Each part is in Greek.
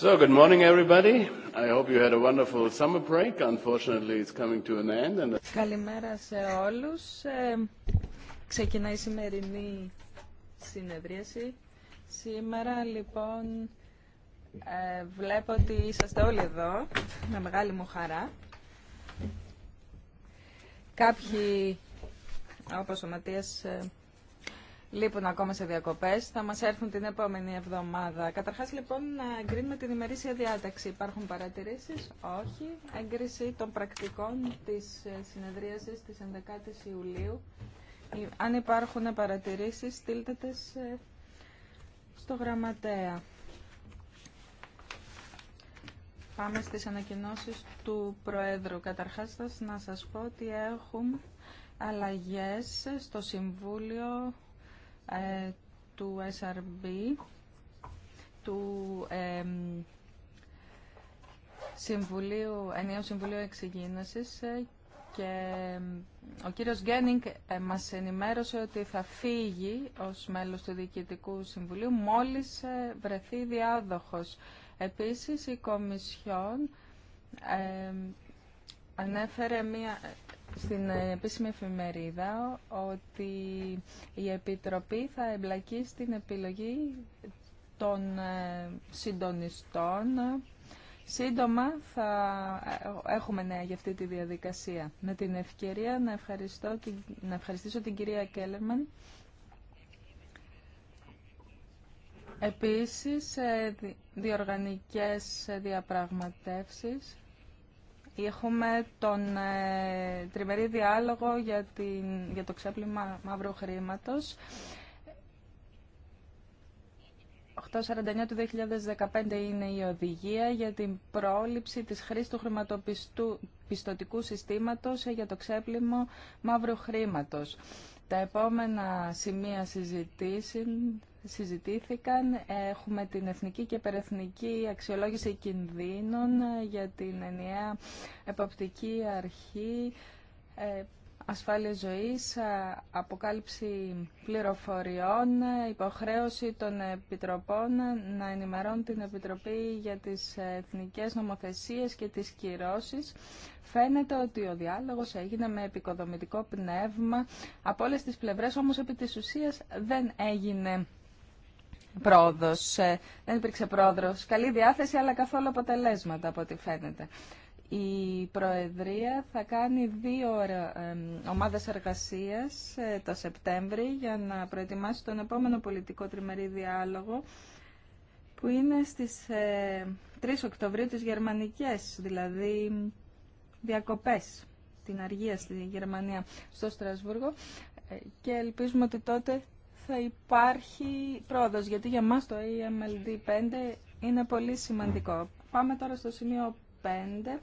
good morning everybody. I hope you had a wonderful summer break. Unfortunately, it's coming to an end. And... Καλημέρα σε όλους. Ε, ξεκινάει η σημερινή συνεδρίαση. Σήμερα, λοιπόν, ε, βλέπω ότι είσαστε όλοι εδώ, με μεγάλη μου χαρά. Κάποιοι, όπως ο Ματίας, ε, λείπουν ακόμα σε διακοπές. Θα μας έρθουν την επόμενη εβδομάδα. Καταρχάς λοιπόν να εγκρίνουμε την ημερήσια διάταξη. Υπάρχουν παρατηρήσεις? Όχι. Έγκριση των πρακτικών της ε, συνεδρίασης τη 11 η Ιουλίου. Ε, αν υπάρχουν παρατηρήσει, στείλτε ε, στο γραμματέα. Πάμε στις ανακοινώσεις του Προέδρου. Καταρχάς να σας πω ότι έχουν αλλαγές στο Συμβούλιο ε, του SRB, του ε, Συμβουλίου, Ενιαίου Συμβουλίου ε, και ο κύριος Γκένινγκ ε, μας ενημέρωσε ότι θα φύγει ως μέλος του Διοικητικού Συμβουλίου μόλις βρεθεί διάδοχος. Επίσης η Κομισιόν ανέφερε μια, στην ε, επίσημη εφημερίδα ότι η Επιτροπή θα εμπλακεί στην επιλογή των ε, συντονιστών. Σύντομα θα ε, έχουμε νέα για αυτή τη διαδικασία. Με την ευκαιρία να, ευχαριστώ, να ευχαριστήσω την κυρία Κέλερμαν. Επίσης, διοργανικές διαπραγματεύσεις Έχουμε τον ε, τριμερή διάλογο για, την, για το ξέπλυμα μαύρου χρήματος. 849 του 2015 είναι η οδηγία για την πρόληψη της χρήσης του χρηματοπιστωτικού συστήματος για το ξέπλυμα μαύρου χρήματος. Τα επόμενα σημεία συζητήσεων συζητήθηκαν. Έχουμε την εθνική και περεθνική αξιολόγηση κινδύνων για την ενιαία εποπτική αρχή ε, ασφάλεια ζωής, αποκάλυψη πληροφοριών, υποχρέωση των επιτροπών να ενημερώνουν την Επιτροπή για τις εθνικές νομοθεσίες και τις κυρώσεις. Φαίνεται ότι ο διάλογος έγινε με επικοδομητικό πνεύμα. Από όλες τις πλευρές όμως επί της ουσίας δεν έγινε πρόοδος. Ε, δεν υπήρξε πρόοδο. Καλή διάθεση, αλλά καθόλου αποτελέσματα από ό,τι φαίνεται. Η Προεδρία θα κάνει δύο ε, ομάδες εργασίας ε, το Σεπτέμβρη για να προετοιμάσει τον επόμενο πολιτικό τριμερή διάλογο που είναι στις 3 Οκτωβρίου τις γερμανικές, δηλαδή διακοπές την αργία στη Γερμανία στο Στρασβούργο και ελπίζουμε ότι τότε θα υπάρχει πρόοδος, γιατί για μας το EMLD5 είναι πολύ σημαντικό. Πάμε τώρα στο σημείο 5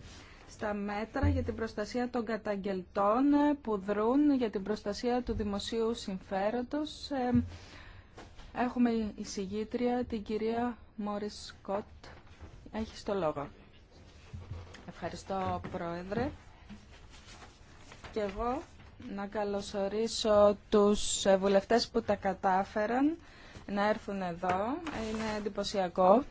στα μέτρα για την προστασία των καταγγελτών που δρούν για την προστασία του δημοσίου συμφέροντος. Ε, έχουμε η συγγήτρια, την κυρία Μόρις Σκοτ. Έχεις το λόγο. Ευχαριστώ, Πρόεδρε. Και εγώ να καλωσορίσω τους βουλευτές που τα κατάφεραν να έρθουν εδώ. Είναι εντυπωσιακό.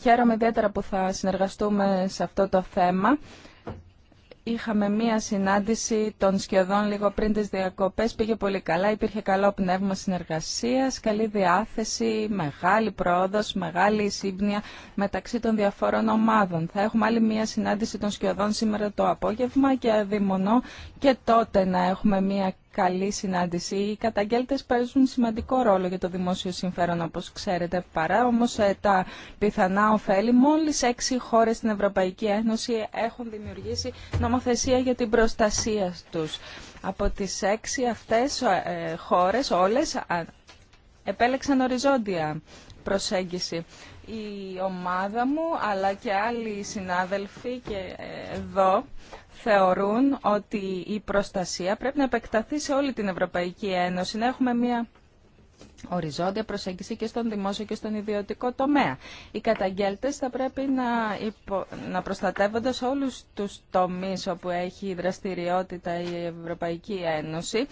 Χαίρομαι ιδιαίτερα που θα συνεργαστούμε σε αυτό το θέμα είχαμε μία συνάντηση των σχεδόν λίγο πριν τις διακοπές. Πήγε πολύ καλά, υπήρχε καλό πνεύμα συνεργασίας, καλή διάθεση, μεγάλη πρόοδος, μεγάλη σύμπνοια μεταξύ των διαφόρων ομάδων. Θα έχουμε άλλη μία συνάντηση των σχεδόν σήμερα το απόγευμα και αδειμονώ και τότε να έχουμε μία καλή συνάντηση. Οι καταγγέλτες παίζουν σημαντικό ρόλο για το δημόσιο συμφέρον, όπως ξέρετε. Παρά όμως ε, τα πιθανά ωφέλη, μόλις έξι χώρες στην Ευρωπαϊκή Ένωση έχουν δημιουργήσει νομοθεσία για την προστασία τους. Από τις έξι αυτές ε, ε, χώρες, όλες, επέλεξαν οριζόντια προσέγγιση. Η ομάδα μου, αλλά και άλλοι συνάδελφοι και εδώ, θεωρούν ότι η προστασία πρέπει να επεκταθεί σε όλη την Ευρωπαϊκή Ένωση, να έχουμε μια οριζόντια προσέγγιση και στον δημόσιο και στον ιδιωτικό τομέα. Οι καταγγέλτες θα πρέπει να, υπο... να προστατεύονται σε όλους τους τομείς όπου έχει η δραστηριότητα η Ευρωπαϊκή Ένωση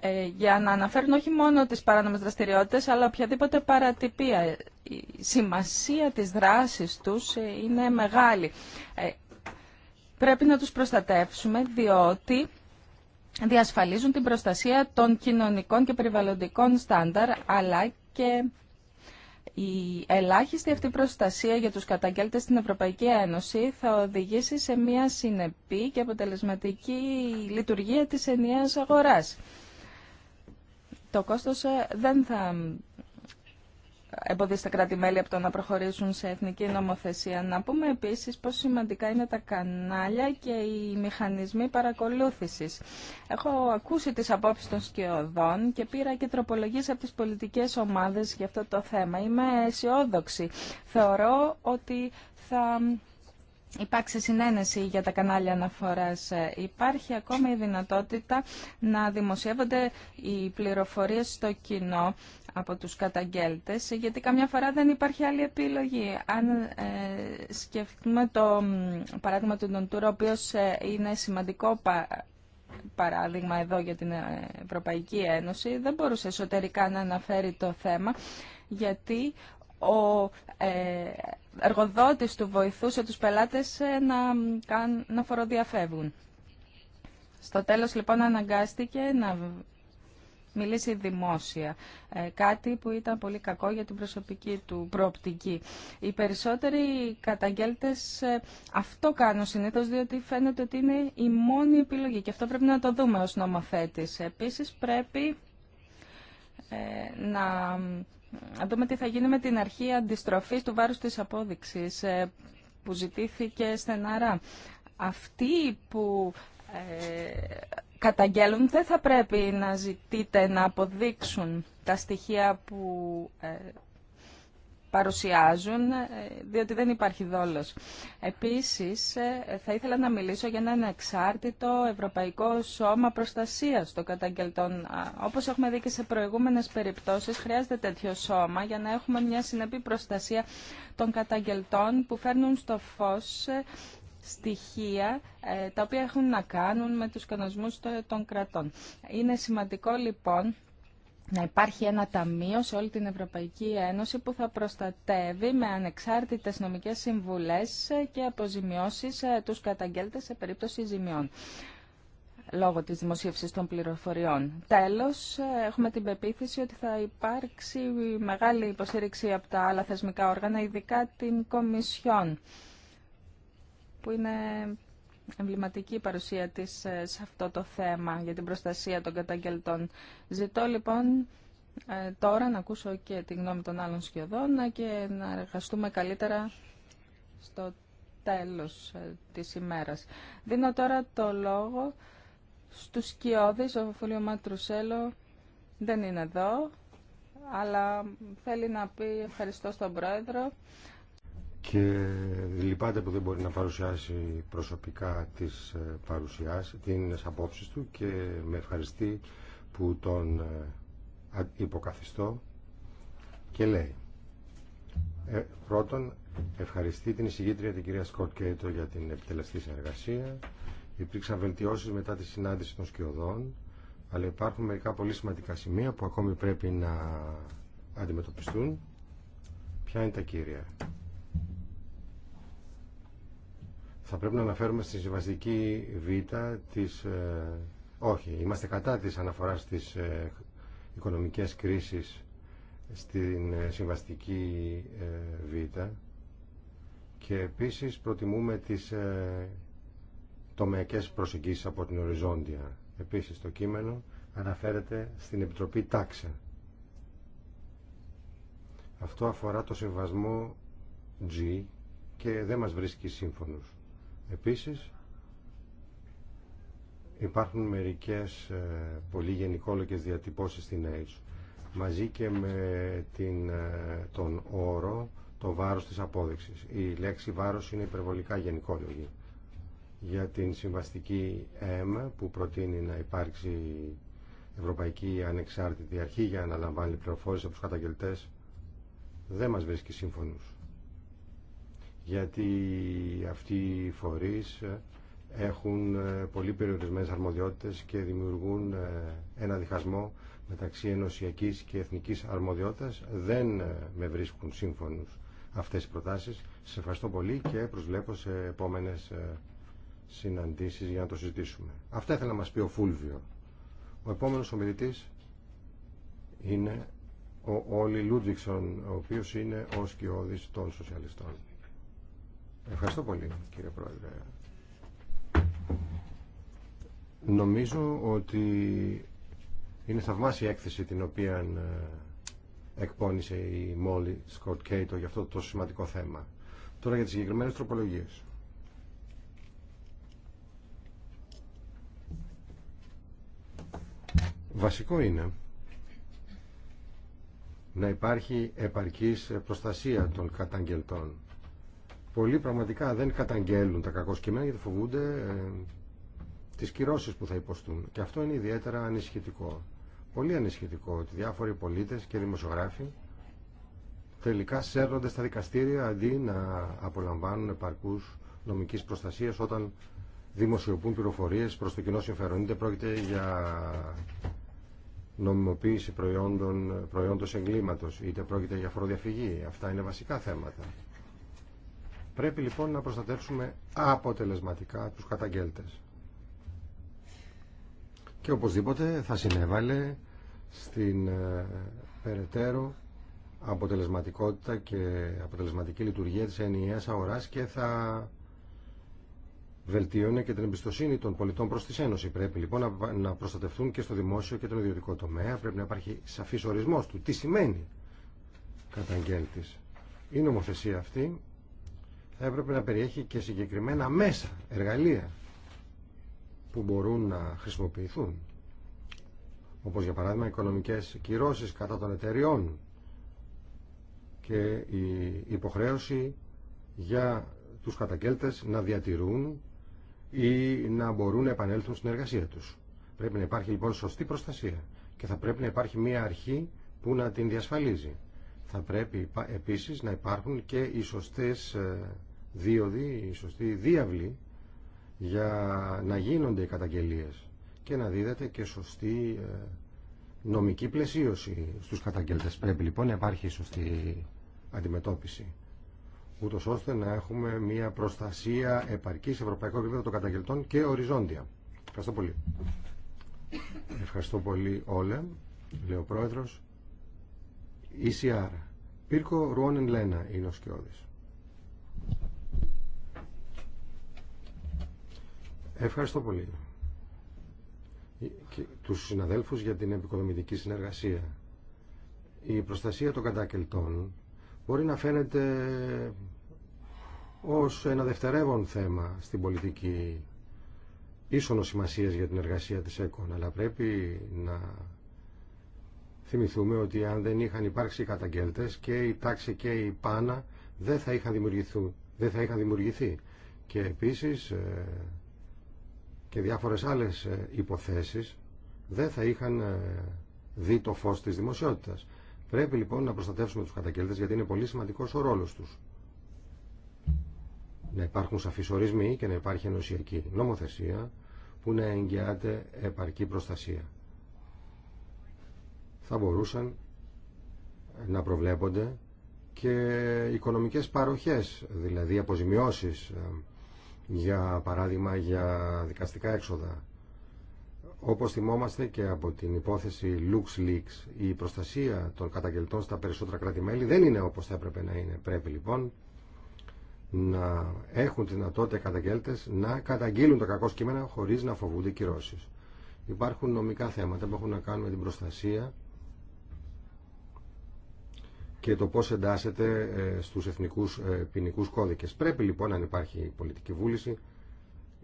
ε, για να αναφέρουν όχι μόνο τις παράνομες δραστηριότητες αλλά οποιαδήποτε παρατυπία. Η σημασία της δράσης τους ε, είναι μεγάλη. Ε, Πρέπει να τους προστατεύσουμε διότι διασφαλίζουν την προστασία των κοινωνικών και περιβαλλοντικών στάνταρ αλλά και η ελάχιστη αυτή προστασία για τους καταγγέλτες στην Ευρωπαϊκή Ένωση θα οδηγήσει σε μια συνεπή και αποτελεσματική λειτουργία της ενιαίας αγοράς. Το κόστος ε, δεν θα εμποδιστε τα κράτη-μέλη από το να προχωρήσουν σε εθνική νομοθεσία. Να πούμε επίσης πόσο σημαντικά είναι τα κανάλια και οι μηχανισμοί παρακολούθησης. Έχω ακούσει τις απόψεις των σκιωδών και πήρα και τροπολογίες από τις πολιτικές ομάδες για αυτό το θέμα. Είμαι αισιόδοξη. Θεωρώ ότι θα Υπάρχει συνένεση για τα κανάλια αναφοράς. Ε, υπάρχει ακόμα η δυνατότητα να δημοσιεύονται οι πληροφορίες στο κοινό από τους καταγγέλτες, γιατί καμιά φορά δεν υπάρχει άλλη επιλογή. Αν ε, σκεφτούμε το παράδειγμα του Ντοντούρα, ο οποίο ε, είναι σημαντικό παράδειγμα εδώ για την Ευρωπαϊκή Ένωση, δεν μπορούσε εσωτερικά να αναφέρει το θέμα, γιατί ο ε, εργοδότης του βοηθούσε τους πελάτες ε, να, να φοροδιαφεύγουν. Στο τέλος λοιπόν αναγκάστηκε να μιλήσει δημόσια. Ε, κάτι που ήταν πολύ κακό για την προσωπική του προοπτική. Οι περισσότεροι καταγγέλτες αυτό κάνουν συνήθως διότι φαίνεται ότι είναι η μόνη επιλογή και αυτό πρέπει να το δούμε ως νομοθέτης. Επίσης πρέπει να να δούμε τι θα γίνει με την αρχή αντιστροφή του βάρους της απόδειξης ε, που ζητήθηκε στεναρά. Αυτοί που ε, καταγγέλουν δεν θα πρέπει να ζητείτε να αποδείξουν τα στοιχεία που ε, παρουσιάζουν, ε, διότι δεν υπάρχει δόλος. Επίσης, ε, θα ήθελα να μιλήσω για ένα εξάρτητο Ευρωπαϊκό Σώμα Προστασίας των Καταγγελτών. Όπως έχουμε δει και σε προηγούμενες περιπτώσεις, χρειάζεται τέτοιο σώμα για να έχουμε μια συνεπή προστασία των καταγγελτών που φέρνουν στο φως ε, στοιχεία τα οποία έχουν να κάνουν με τους κανονισμούς των κρατών. Είναι σημαντικό λοιπόν να υπάρχει ένα ταμείο σε όλη την Ευρωπαϊκή Ένωση που θα προστατεύει με ανεξάρτητες νομικές συμβουλές και αποζημιώσεις ε, τους καταγγέλτες σε περίπτωση ζημιών λόγω της δημοσίευσης των πληροφοριών. Τέλος, ε, έχουμε την πεποίθηση ότι θα υπάρξει μεγάλη υποστήριξη από τα άλλα θεσμικά όργανα, ειδικά την Κομισιόν, που είναι εμβληματική παρουσία της ε, σε αυτό το θέμα για την προστασία των καταγγελτών. Ζητώ λοιπόν ε, τώρα να ακούσω και τη γνώμη των άλλων σχεδόν και να εργαστούμε καλύτερα στο τέλος ε, της ημέρας. Δίνω τώρα το λόγο στους σκιώδεις. Ο Φούλιο Ματρουσέλο δεν είναι εδώ, αλλά θέλει να πει ευχαριστώ στον Πρόεδρο και λυπάται που δεν μπορεί να παρουσιάσει προσωπικά τις ε, παρουσιάσεις, τις απόψεις του και με ευχαριστεί που τον ε, υποκαθιστώ και λέει ε, πρώτον ευχαριστεί την εισηγήτρια την κυρία Σκοτ Κέιτο για την επιτελεστή συνεργασία υπήρξαν βελτιώσεις μετά τη συνάντηση των σκιωδών αλλά υπάρχουν μερικά πολύ σημαντικά σημεία που ακόμη πρέπει να αντιμετωπιστούν ποια είναι τα κύρια θα πρέπει να αναφέρουμε στη συμβαστική Β της... Ε, όχι, είμαστε κατά της αναφοράς της ε, οικονομικές κρίσεις στην ε, συμβαστική Β και επίσης προτιμούμε τις τομεακές προσεγγίσεις από την οριζόντια. Επίσης το κείμενο αναφέρεται στην Επιτροπή Τάξε. Αυτό αφορά το συμβασμό G και δεν μας βρίσκει σύμφωνος. Επίσης, υπάρχουν μερικές ε, πολύ γενικόλογες διατυπώσεις στην AIDS, μαζί και με την, ε, τον όρο το βάρος της απόδειξης. Η λέξη βάρος είναι υπερβολικά γενικόλογη. Για την συμβαστική M που προτείνει να υπάρξει Ευρωπαϊκή Ανεξάρτητη Αρχή για να λαμβάνει πληροφόρηση από τους καταγγελτές, δεν μας βρίσκει σύμφωνους γιατί αυτοί οι φορείς έχουν ε, πολύ περιορισμένες αρμοδιότητες και δημιουργούν ε, ένα διχασμό μεταξύ ενωσιακής και εθνικής αρμοδιότητας. Δεν ε, με βρίσκουν σύμφωνους αυτές οι προτάσεις. Σε ευχαριστώ πολύ και προσβλέπω σε επόμενες συναντήσεις για να το συζητήσουμε. Αυτά ήθελα να μας πει ο Φούλβιο. Ο επόμενος ομιλητής είναι ο Όλι Λούντβιξον, ο οποίος είναι ο σκιώδης των σοσιαλιστών. Ευχαριστώ πολύ, κύριε Πρόεδρε. Νομίζω ότι είναι θαυμάσια η έκθεση την οποία ε, εκπώνησε η Μόλι Σκοτ Κέιτο για αυτό το σημαντικό θέμα. Τώρα για τις συγκεκριμένες τροπολογίες. Βασικό είναι να υπάρχει επαρκής προστασία των καταγγελτών πολλοί πραγματικά δεν καταγγέλουν τα κακό σκημένα γιατί φοβούνται ε, τις κυρώσεις που θα υποστούν. Και αυτό είναι ιδιαίτερα ανησυχητικό. Πολύ ανησυχητικό ότι διάφοροι πολίτες και δημοσιογράφοι τελικά σέρνονται στα δικαστήρια αντί να απολαμβάνουν επαρκούς νομικής προστασίας όταν δημοσιοποιούν πληροφορίες προς το κοινό συμφέρον. Είτε πρόκειται για νομιμοποίηση προϊόντων, προϊόντος εγκλήματος, είτε πρόκειται για φοροδιαφυγή. Αυτά είναι βασικά θέματα. Πρέπει λοιπόν να προστατεύσουμε αποτελεσματικά τους καταγγέλτες. Και οπωσδήποτε θα συνέβαλε στην ε, περαιτέρω αποτελεσματικότητα και αποτελεσματική λειτουργία της ενιαίας αγοράς και θα βελτιώνει και την εμπιστοσύνη των πολιτών προς τη Ένωση. Πρέπει λοιπόν να προστατευτούν και στο δημόσιο και τον ιδιωτικό τομέα. Πρέπει να υπάρχει σαφής ορισμός του. Τι σημαίνει καταγγέλτης. Η νομοθεσία αυτή θα έπρεπε να περιέχει και συγκεκριμένα μέσα, εργαλεία που μπορούν να χρησιμοποιηθούν όπως για παράδειγμα οικονομικές κυρώσεις κατά των εταιριών και η υποχρέωση για τους κατακέλτες να διατηρούν ή να μπορούν να επανέλθουν στην εργασία τους. Πρέπει να υπάρχει λοιπόν σωστή προστασία και θα πρέπει να υπάρχει μια αρχή που να την διασφαλίζει. Θα πρέπει επίσης να υπάρχουν και οι σωστές ε, δίωδη, η σωστή διάβλη για να γίνονται οι καταγγελίες και να δίδεται και σωστή ε, νομική πλαισίωση στους καταγγελτές. Πρέπει λοιπόν να υπάρχει σωστή αντιμετώπιση ούτως ώστε να έχουμε μια προστασία επαρκής ευρωπαϊκό επίπεδο των καταγγελτών και οριζόντια. Ευχαριστώ πολύ. Ευχαριστώ πολύ όλα, Λέω Πρόεδρος. ECR. Πύρκο Ρουόνεν Λένα είναι ο Σκιώδης. Ευχαριστώ πολύ και τους συναδέλφους για την επικοδομητική συνεργασία. Η προστασία των κατακελτών μπορεί να φαίνεται ως ένα δευτερεύον θέμα στην πολιτική ίσονο σημασίας για την εργασία της ΕΚΟΝ, αλλά πρέπει να θυμηθούμε ότι αν δεν είχαν υπάρξει οι καταγγέλτες και η τάξη και η πάνα δεν θα είχαν δημιουργηθεί. Δεν θα είχαν δημιουργηθεί. Και επίσης ε, και διάφορες άλλες ε, υποθέσεις δεν θα είχαν ε, δει το φως της δημοσιότητας. Πρέπει λοιπόν να προστατεύσουμε τους κατακέλτες γιατί είναι πολύ σημαντικός ο ρόλος τους. Να υπάρχουν σαφείς ορισμοί και να υπάρχει ενωσιακή νομοθεσία που να εγγυάται επαρκή προστασία. Θα μπορούσαν να προβλέπονται και οικονομικές παροχές, δηλαδή αποζημιώσεις ε, για παράδειγμα για δικαστικά έξοδα. Όπως θυμόμαστε και από την υπόθεση LuxLeaks, η προστασία των καταγγελτών στα περισσότερα κράτη-μέλη δεν είναι όπως θα έπρεπε να είναι. Πρέπει λοιπόν να έχουν τη δυνατότητα οι καταγγέλτες να καταγγείλουν τα κακό σκήμενα χωρίς να φοβούνται κυρώσεις. Υπάρχουν νομικά θέματα που έχουν να κάνουν με την προστασία και το πώς εντάσσεται ε, στους εθνικούς ε, ποινικού κώδικες. Πρέπει λοιπόν αν υπάρχει πολιτική βούληση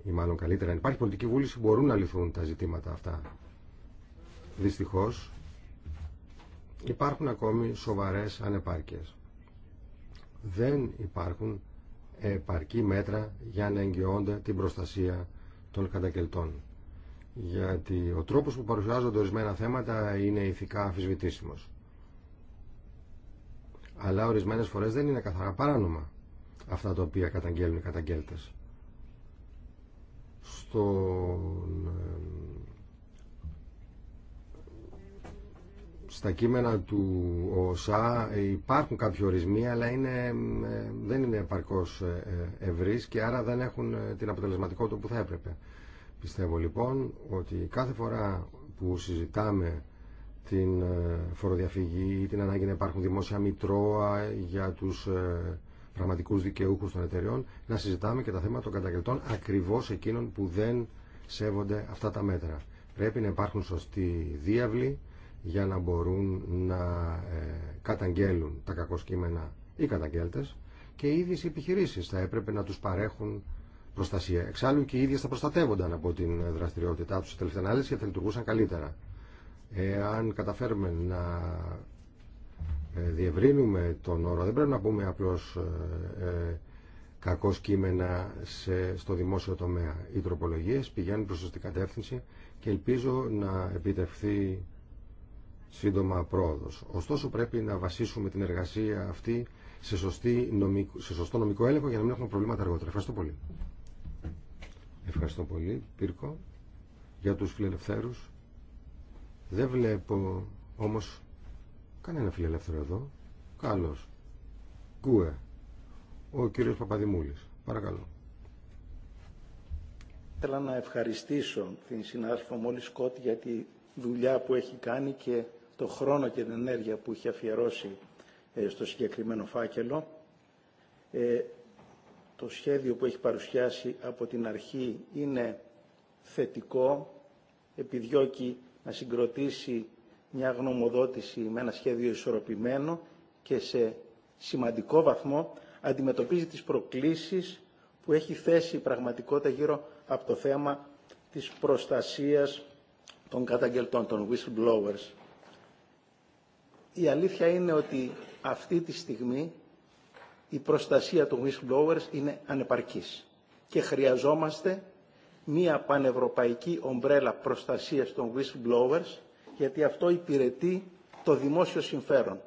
ή μάλλον καλύτερα αν υπάρχει πολιτική βούληση μπορούν να λυθούν τα ζητήματα αυτά. Δυστυχώς υπάρχουν ακόμη σοβαρές ανεπάρκειες. Δεν υπάρχουν επαρκή μέτρα για να εγγυώνται την προστασία των κατακελτών. Γιατί ο τρόπος που παρουσιάζονται ορισμένα θέματα είναι ηθικά αφισβητήσιμος αλλά ορισμένε φορέ δεν είναι καθαρά παράνομα αυτά τα οποία καταγγέλνουν οι καταγγελτε. Στον... Στα κείμενα του ΟΣΑ υπάρχουν κάποιοι ορισμοί, αλλά είναι, δεν είναι επαρκώ ε, ε, ευρύ και άρα δεν έχουν ε, την αποτελεσματικότητα που θα έπρεπε. Πιστεύω λοιπόν ότι κάθε φορά που συζητάμε την ε, φοροδιαφυγή ή την ανάγκη να υπάρχουν δημόσια μητρώα για τους ε, πραγματικούς δικαιούχους των εταιρεών, να συζητάμε και τα θέματα των καταγγελτών ακριβώς εκείνων που δεν σέβονται αυτά τα μέτρα. Πρέπει να υπάρχουν σωστοί διάβλοι για να μπορούν να ε, καταγγέλουν τα κακοσκήμενα οι καταγγέλτες και οι ίδιες οι επιχειρήσεις θα έπρεπε να τους παρέχουν προστασία. Εξάλλου και οι ίδιες θα προστατεύονταν από την δραστηριότητά τους τελευταία ανάλυση και θα λειτουργούσαν καλύτερα. Εάν καταφέρουμε να ε, διευρύνουμε τον όρο, δεν πρέπει να πούμε απλώς ε, ε κείμενα σε, στο δημόσιο τομέα. Οι τροπολογίες πηγαίνουν προς την κατεύθυνση και ελπίζω να επιτευχθεί σύντομα πρόοδος. Ωστόσο πρέπει να βασίσουμε την εργασία αυτή σε, νομικό, σε σωστό νομικό έλεγχο για να μην έχουμε προβλήματα αργότερα. Ευχαριστώ πολύ. Ευχαριστώ πολύ, Πύρκο, για τους φιλελευθέρους. Δεν βλέπω όμως κανένα φιλελεύθερο εδώ. Καλώς. Κούε. Ο κύριος Παπαδημούλης. Παρακαλώ. Θέλω να ευχαριστήσω την συνάδελφο Μόλι Σκότ για τη δουλειά που έχει κάνει και το χρόνο και την ενέργεια που έχει αφιερώσει ε, στο συγκεκριμένο φάκελο. Ε, το σχέδιο που έχει παρουσιάσει από την αρχή είναι θετικό, επιδιώκει να συγκροτήσει μια γνωμοδότηση με ένα σχέδιο ισορροπημένο και σε σημαντικό βαθμό αντιμετωπίζει τις προκλήσεις που έχει θέσει η πραγματικότητα γύρω από το θέμα της προστασίας των καταγγελτών, των whistleblowers. Η αλήθεια είναι ότι αυτή τη στιγμή η προστασία των whistleblowers είναι ανεπαρκής και χρειαζόμαστε μία πανευρωπαϊκή ομπρέλα προστασίας των whistleblowers, γιατί αυτό υπηρετεί το δημόσιο συμφέρον.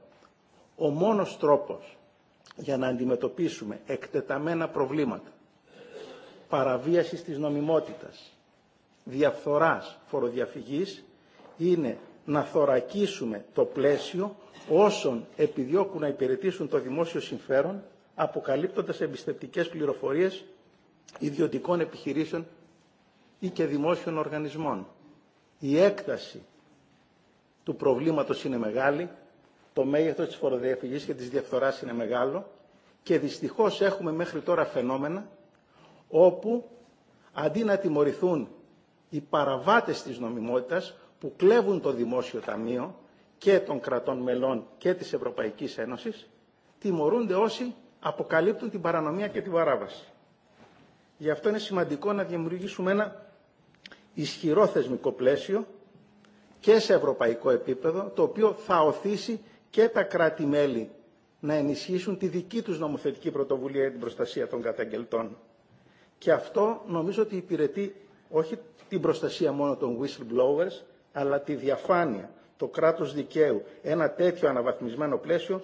Ο μόνος τρόπος για να αντιμετωπίσουμε εκτεταμένα προβλήματα, παραβίασης της νομιμότητας, διαφθοράς φοροδιαφυγής, είναι να θωρακίσουμε το πλαίσιο όσων επιδιώκουν να υπηρετήσουν το δημόσιο συμφέρον, αποκαλύπτοντας εμπιστευτικές πληροφορίες ιδιωτικών επιχειρήσεων ή και δημόσιων οργανισμών. Η έκταση του προβλήματος είναι μεγάλη, το μέγεθος της φοροδιαφυγής και της διαφθοράς είναι μεγάλο και δυστυχώς έχουμε μέχρι τώρα φαινόμενα όπου αντί να τιμωρηθούν οι παραβάτες της νομιμότητας που κλέβουν το Δημόσιο Ταμείο και των κρατών μελών και της Ευρωπαϊκής Ένωσης, τιμωρούνται όσοι αποκαλύπτουν την παρανομία και την παράβαση. Γι' αυτό είναι σημαντικό να δημιουργήσουμε ένα ισχυρό θεσμικό πλαίσιο και σε ευρωπαϊκό επίπεδο, το οποίο θα οθήσει και τα κράτη-μέλη να ενισχύσουν τη δική τους νομοθετική πρωτοβουλία για την προστασία των καταγγελτών. Και αυτό νομίζω ότι υπηρετεί όχι την προστασία μόνο των whistleblowers, αλλά τη διαφάνεια, το κράτος δικαίου. Ένα τέτοιο αναβαθμισμένο πλαίσιο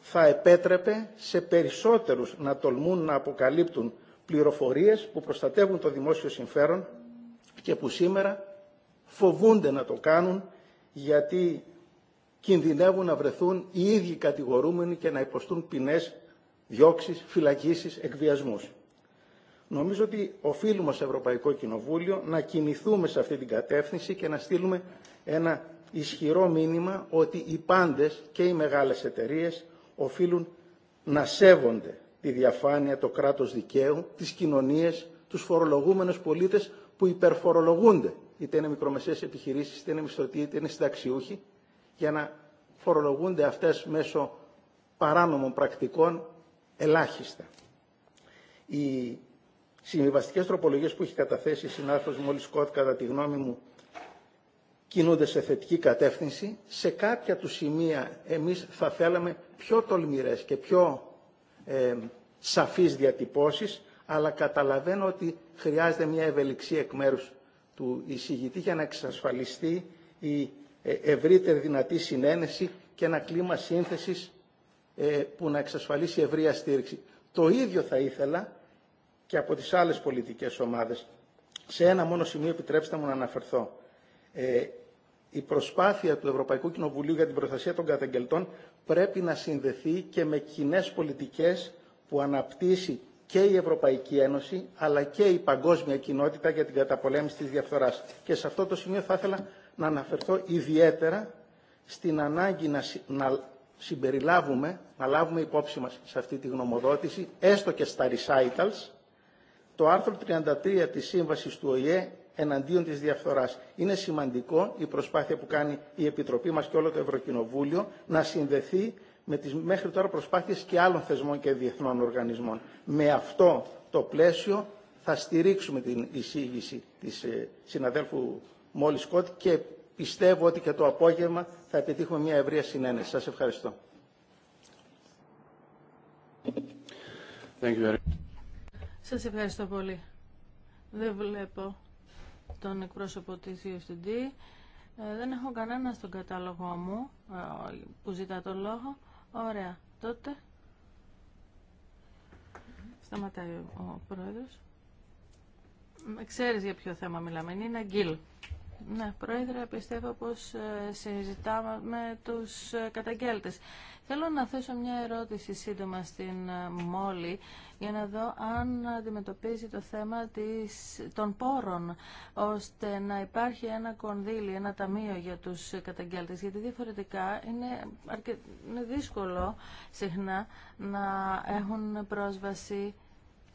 θα επέτρεπε σε περισσότερους να τολμούν να αποκαλύπτουν πληροφορίες που προστατεύουν το δημόσιο συμφέρον και που σήμερα φοβούνται να το κάνουν γιατί κινδυνεύουν να βρεθούν οι ίδιοι κατηγορούμενοι και να υποστούν ποινές, διώξεις, φυλακίσεις, εκβιασμούς. Νομίζω ότι οφείλουμε ως Ευρωπαϊκό Κοινοβούλιο να κινηθούμε σε αυτή την κατεύθυνση και να στείλουμε ένα ισχυρό μήνυμα ότι οι πάντες και οι μεγάλες εταιρείε οφείλουν να σέβονται τη διαφάνεια, το κράτος δικαίου, τις κοινωνίες, τους φορολογούμενους πολίτες που υπερφορολογούνται, είτε είναι μικρομεσαίες επιχειρήσεις, είτε είναι μισθωτοί, είτε είναι συνταξιούχοι, για να φορολογούνται αυτές μέσω παράνομων πρακτικών ελάχιστα. Οι συμβιβαστικέ τροπολογίες που έχει καταθέσει η συνάδελφο μόλις Σκότ, κατά τη γνώμη μου, κινούνται σε θετική κατεύθυνση. Σε κάποια του σημεία εμείς θα θέλαμε πιο τολμηρές και πιο ε, σαφείς αλλά καταλαβαίνω ότι χρειάζεται μια ευελιξία εκ μέρου του εισηγητή για να εξασφαλιστεί η ε, ευρύτερη δυνατή συνένεση και ένα κλίμα σύνθεσης ε, που να εξασφαλίσει ευρεία στήριξη. Το ίδιο θα ήθελα και από τις άλλες πολιτικές ομάδες. Σε ένα μόνο σημείο επιτρέψτε μου να αναφερθώ. Ε, η προσπάθεια του Ευρωπαϊκού Κοινοβουλίου για την προστασία των καταγγελτών πρέπει να συνδεθεί και με κοινέ πολιτικές που αναπτύσσει και η Ευρωπαϊκή Ένωση αλλά και η παγκόσμια κοινότητα για την καταπολέμηση της διαφθοράς. Και σε αυτό το σημείο θα ήθελα να αναφερθώ ιδιαίτερα στην ανάγκη να, να συμπεριλάβουμε, να λάβουμε υπόψη μας σε αυτή τη γνωμοδότηση, έστω και στα recitals, το άρθρο 33 της Σύμβασης του ΟΗΕ εναντίον της διαφθοράς. Είναι σημαντικό η προσπάθεια που κάνει η Επιτροπή μας και όλο το Ευρωκοινοβούλιο να συνδεθεί με τις μέχρι τώρα προσπάθειες και άλλων θεσμών και διεθνών οργανισμών. Με αυτό το πλαίσιο θα στηρίξουμε την εισήγηση της ε, συναδέλφου Μόλι Σκότ και πιστεύω ότι και το απόγευμα θα επιτύχουμε μια ευρεία συνένεση. Σας ευχαριστώ. Thank you very Σας ευχαριστώ πολύ. Δεν βλέπω τον εκπρόσωπο της UFTD. Ε, δεν έχω κανένα στον κατάλογο μου ε, που ζητά τον λόγο. Ωραία. Τότε σταματάει ο πρόεδρος. Ξέρεις για ποιο θέμα μιλάμε. Είναι ναι, Πρόεδρε, πιστεύω πως ε, συζητάμε τους ε, καταγγέλτες. Θέλω να θέσω μια ερώτηση σύντομα στην ε, Μόλη για να δω αν αντιμετωπίζει το θέμα της, των πόρων ώστε να υπάρχει ένα κονδύλι, ένα ταμείο για τους καταγγέλτες γιατί διαφορετικά είναι, αρκε... είναι δύσκολο συχνά να έχουν πρόσβαση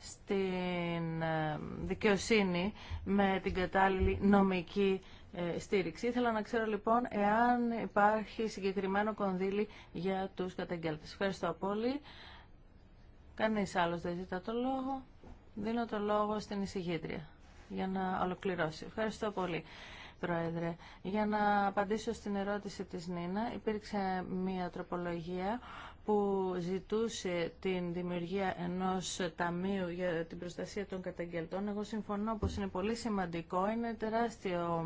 στην ε, δικαιοσύνη με την κατάλληλη νομική ε, στήριξη. Ήθελα να ξέρω λοιπόν εάν υπάρχει συγκεκριμένο κονδύλι για τους καταγγέλτες. Ευχαριστώ πολύ. Κανείς άλλος δεν ζητά το λόγο. Δίνω το λόγο στην εισηγήτρια για να ολοκληρώσει. Ευχαριστώ πολύ. Πρόεδρε. Για να απαντήσω στην ερώτηση της Νίνα, υπήρξε μια τροπολογία που ζητούσε την δημιουργία ενός ταμείου για την προστασία των καταγγελτών. Εγώ συμφωνώ πως είναι πολύ σημαντικό, είναι τεράστιο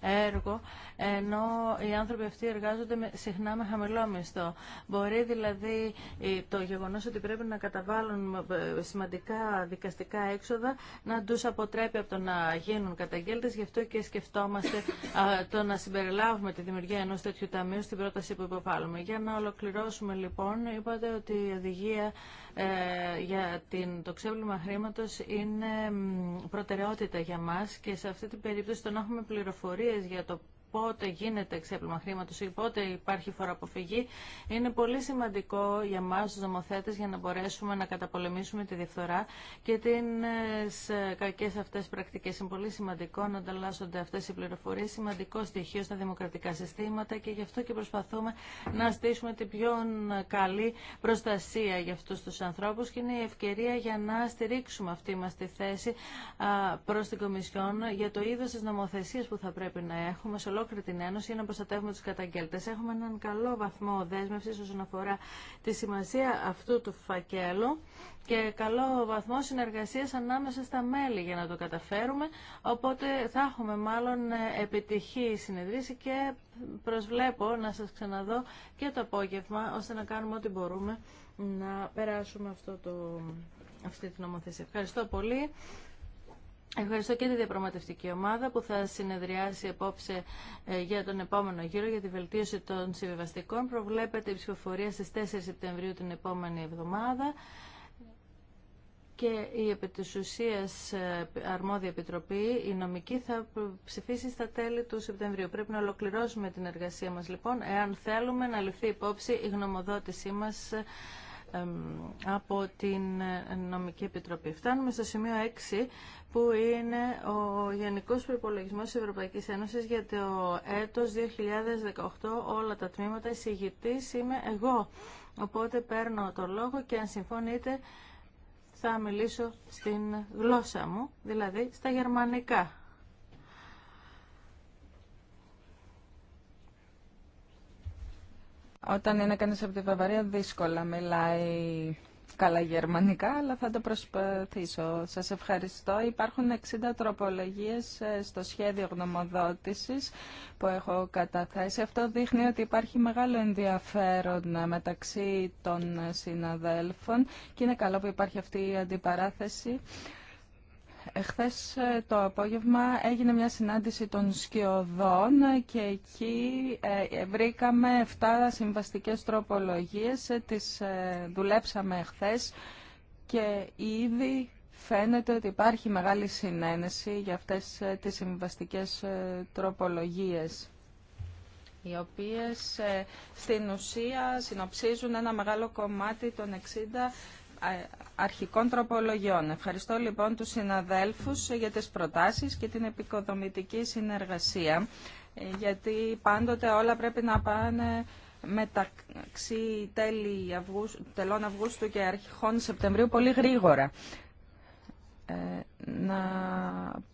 έργο, ενώ οι άνθρωποι αυτοί εργάζονται συχνά με χαμηλό μισθό. Μπορεί δηλαδή το γεγονός ότι πρέπει να καταβάλουν ε, σημαντικά δικαστικά έξοδα να τους αποτρέπει από το να γίνουν καταγγέλτες, γι' αυτό και σκεφτόμαστε το να συμπεριλάβουμε τη δημιουργία ενός τέτοιου ταμείου στην πρόταση που υποβάλλουμε. Για να ολοκληρώσουμε λοιπόν, είπατε ότι η οδηγία ε, για την, το ξέβλημα χρήματος είναι προτεραιότητα για μας και σε αυτή την περίπτωση τον έχουμε πληροφορίες πληροφορίες για το πότε γίνεται ξέπλυμα χρήματο ή πότε υπάρχει φοροαποφυγή είναι πολύ σημαντικό για εμά του νομοθέτες για να μπορέσουμε να καταπολεμήσουμε τη διαφθορά και τι ε, κακέ αυτέ πρακτικέ Είναι πολύ σημαντικό να ανταλλάσσονται αυτέ οι πληροφορίε, σημαντικό στοιχείο στα δημοκρατικά συστήματα και γι' αυτό και προσπαθούμε να στήσουμε την πιο καλή προστασία για αυτού του ανθρώπου. και είναι η ευκαιρία για να στηρίξουμε αυτή μα τη θέση προ την Κομισιόν για το είδο τη νομοθεσία που θα πρέπει να έχουμε σε ολόκληρη την Ένωση για να προστατεύουμε του καταγγελτέ. Έχουμε έναν καλό βαθμό δέσμευση όσον αφορά τη σημασία αυτού του φακέλου και καλό βαθμό συνεργασίας ανάμεσα στα μέλη για να το καταφέρουμε. Οπότε θα έχουμε μάλλον επιτυχή συνεδρίση και προσβλέπω να σας ξαναδώ και το απόγευμα ώστε να κάνουμε ό,τι μπορούμε να περάσουμε αυτό το, αυτή την νομοθεσία. Ευχαριστώ πολύ. Ευχαριστώ και τη διαπραγματευτική ομάδα που θα συνεδριάσει απόψε ε, για τον επόμενο γύρο για τη βελτίωση των συμβιβαστικών. Προβλέπεται η ψηφοφορία στις 4 Σεπτεμβρίου την επόμενη εβδομάδα και η επί της ουσίας, ε, αρμόδια επιτροπή, η νομική, θα ψηφίσει στα τέλη του Σεπτεμβρίου. Πρέπει να ολοκληρώσουμε την εργασία μας λοιπόν, εάν θέλουμε να ληφθεί υπόψη η γνωμοδότησή μας από την ε, Νομική Επιτροπή. Φτάνουμε στο σημείο 6 που είναι ο Γενικός Προϋπολογισμός της Ευρωπαϊκής Ένωσης για το έτος 2018 όλα τα τμήματα εισηγητής είμαι εγώ. Οπότε παίρνω το λόγο και αν συμφωνείτε θα μιλήσω στην γλώσσα μου, δηλαδή στα γερμανικά. Όταν είναι κανείς από τη Βαβαρία δύσκολα μιλάει καλά γερμανικά, αλλά θα το προσπαθήσω. Σας ευχαριστώ. Υπάρχουν 60 τροπολογίες ε, στο σχέδιο γνωμοδότησης που έχω καταθέσει. Αυτό δείχνει ότι υπάρχει μεγάλο ενδιαφέρον μεταξύ των συναδέλφων και είναι καλό που υπάρχει αυτή η αντιπαράθεση. Εχθές ε, το απόγευμα έγινε μια συνάντηση των σκιωδών και εκεί ε, ε, βρήκαμε 7 συμβαστικές τροπολογίες, τις δουλέψαμε εχθές και ήδη φαίνεται ότι υπάρχει μεγάλη συνένεση για αυτές τις συμβαστικές τροπολογίες οι οποίες στην ουσία συνοψίζουν ένα μεγάλο κομμάτι των 60 αρχικών τροπολογιών. Ευχαριστώ λοιπόν τους συναδέλφους για τις προτάσεις και την επικοδομητική συνεργασία, ε, γιατί πάντοτε όλα πρέπει να πάνε μεταξύ τέλη Αυγούστου, τελών Αυγούστου και αρχών Σεπτεμβρίου πολύ γρήγορα. Ε, να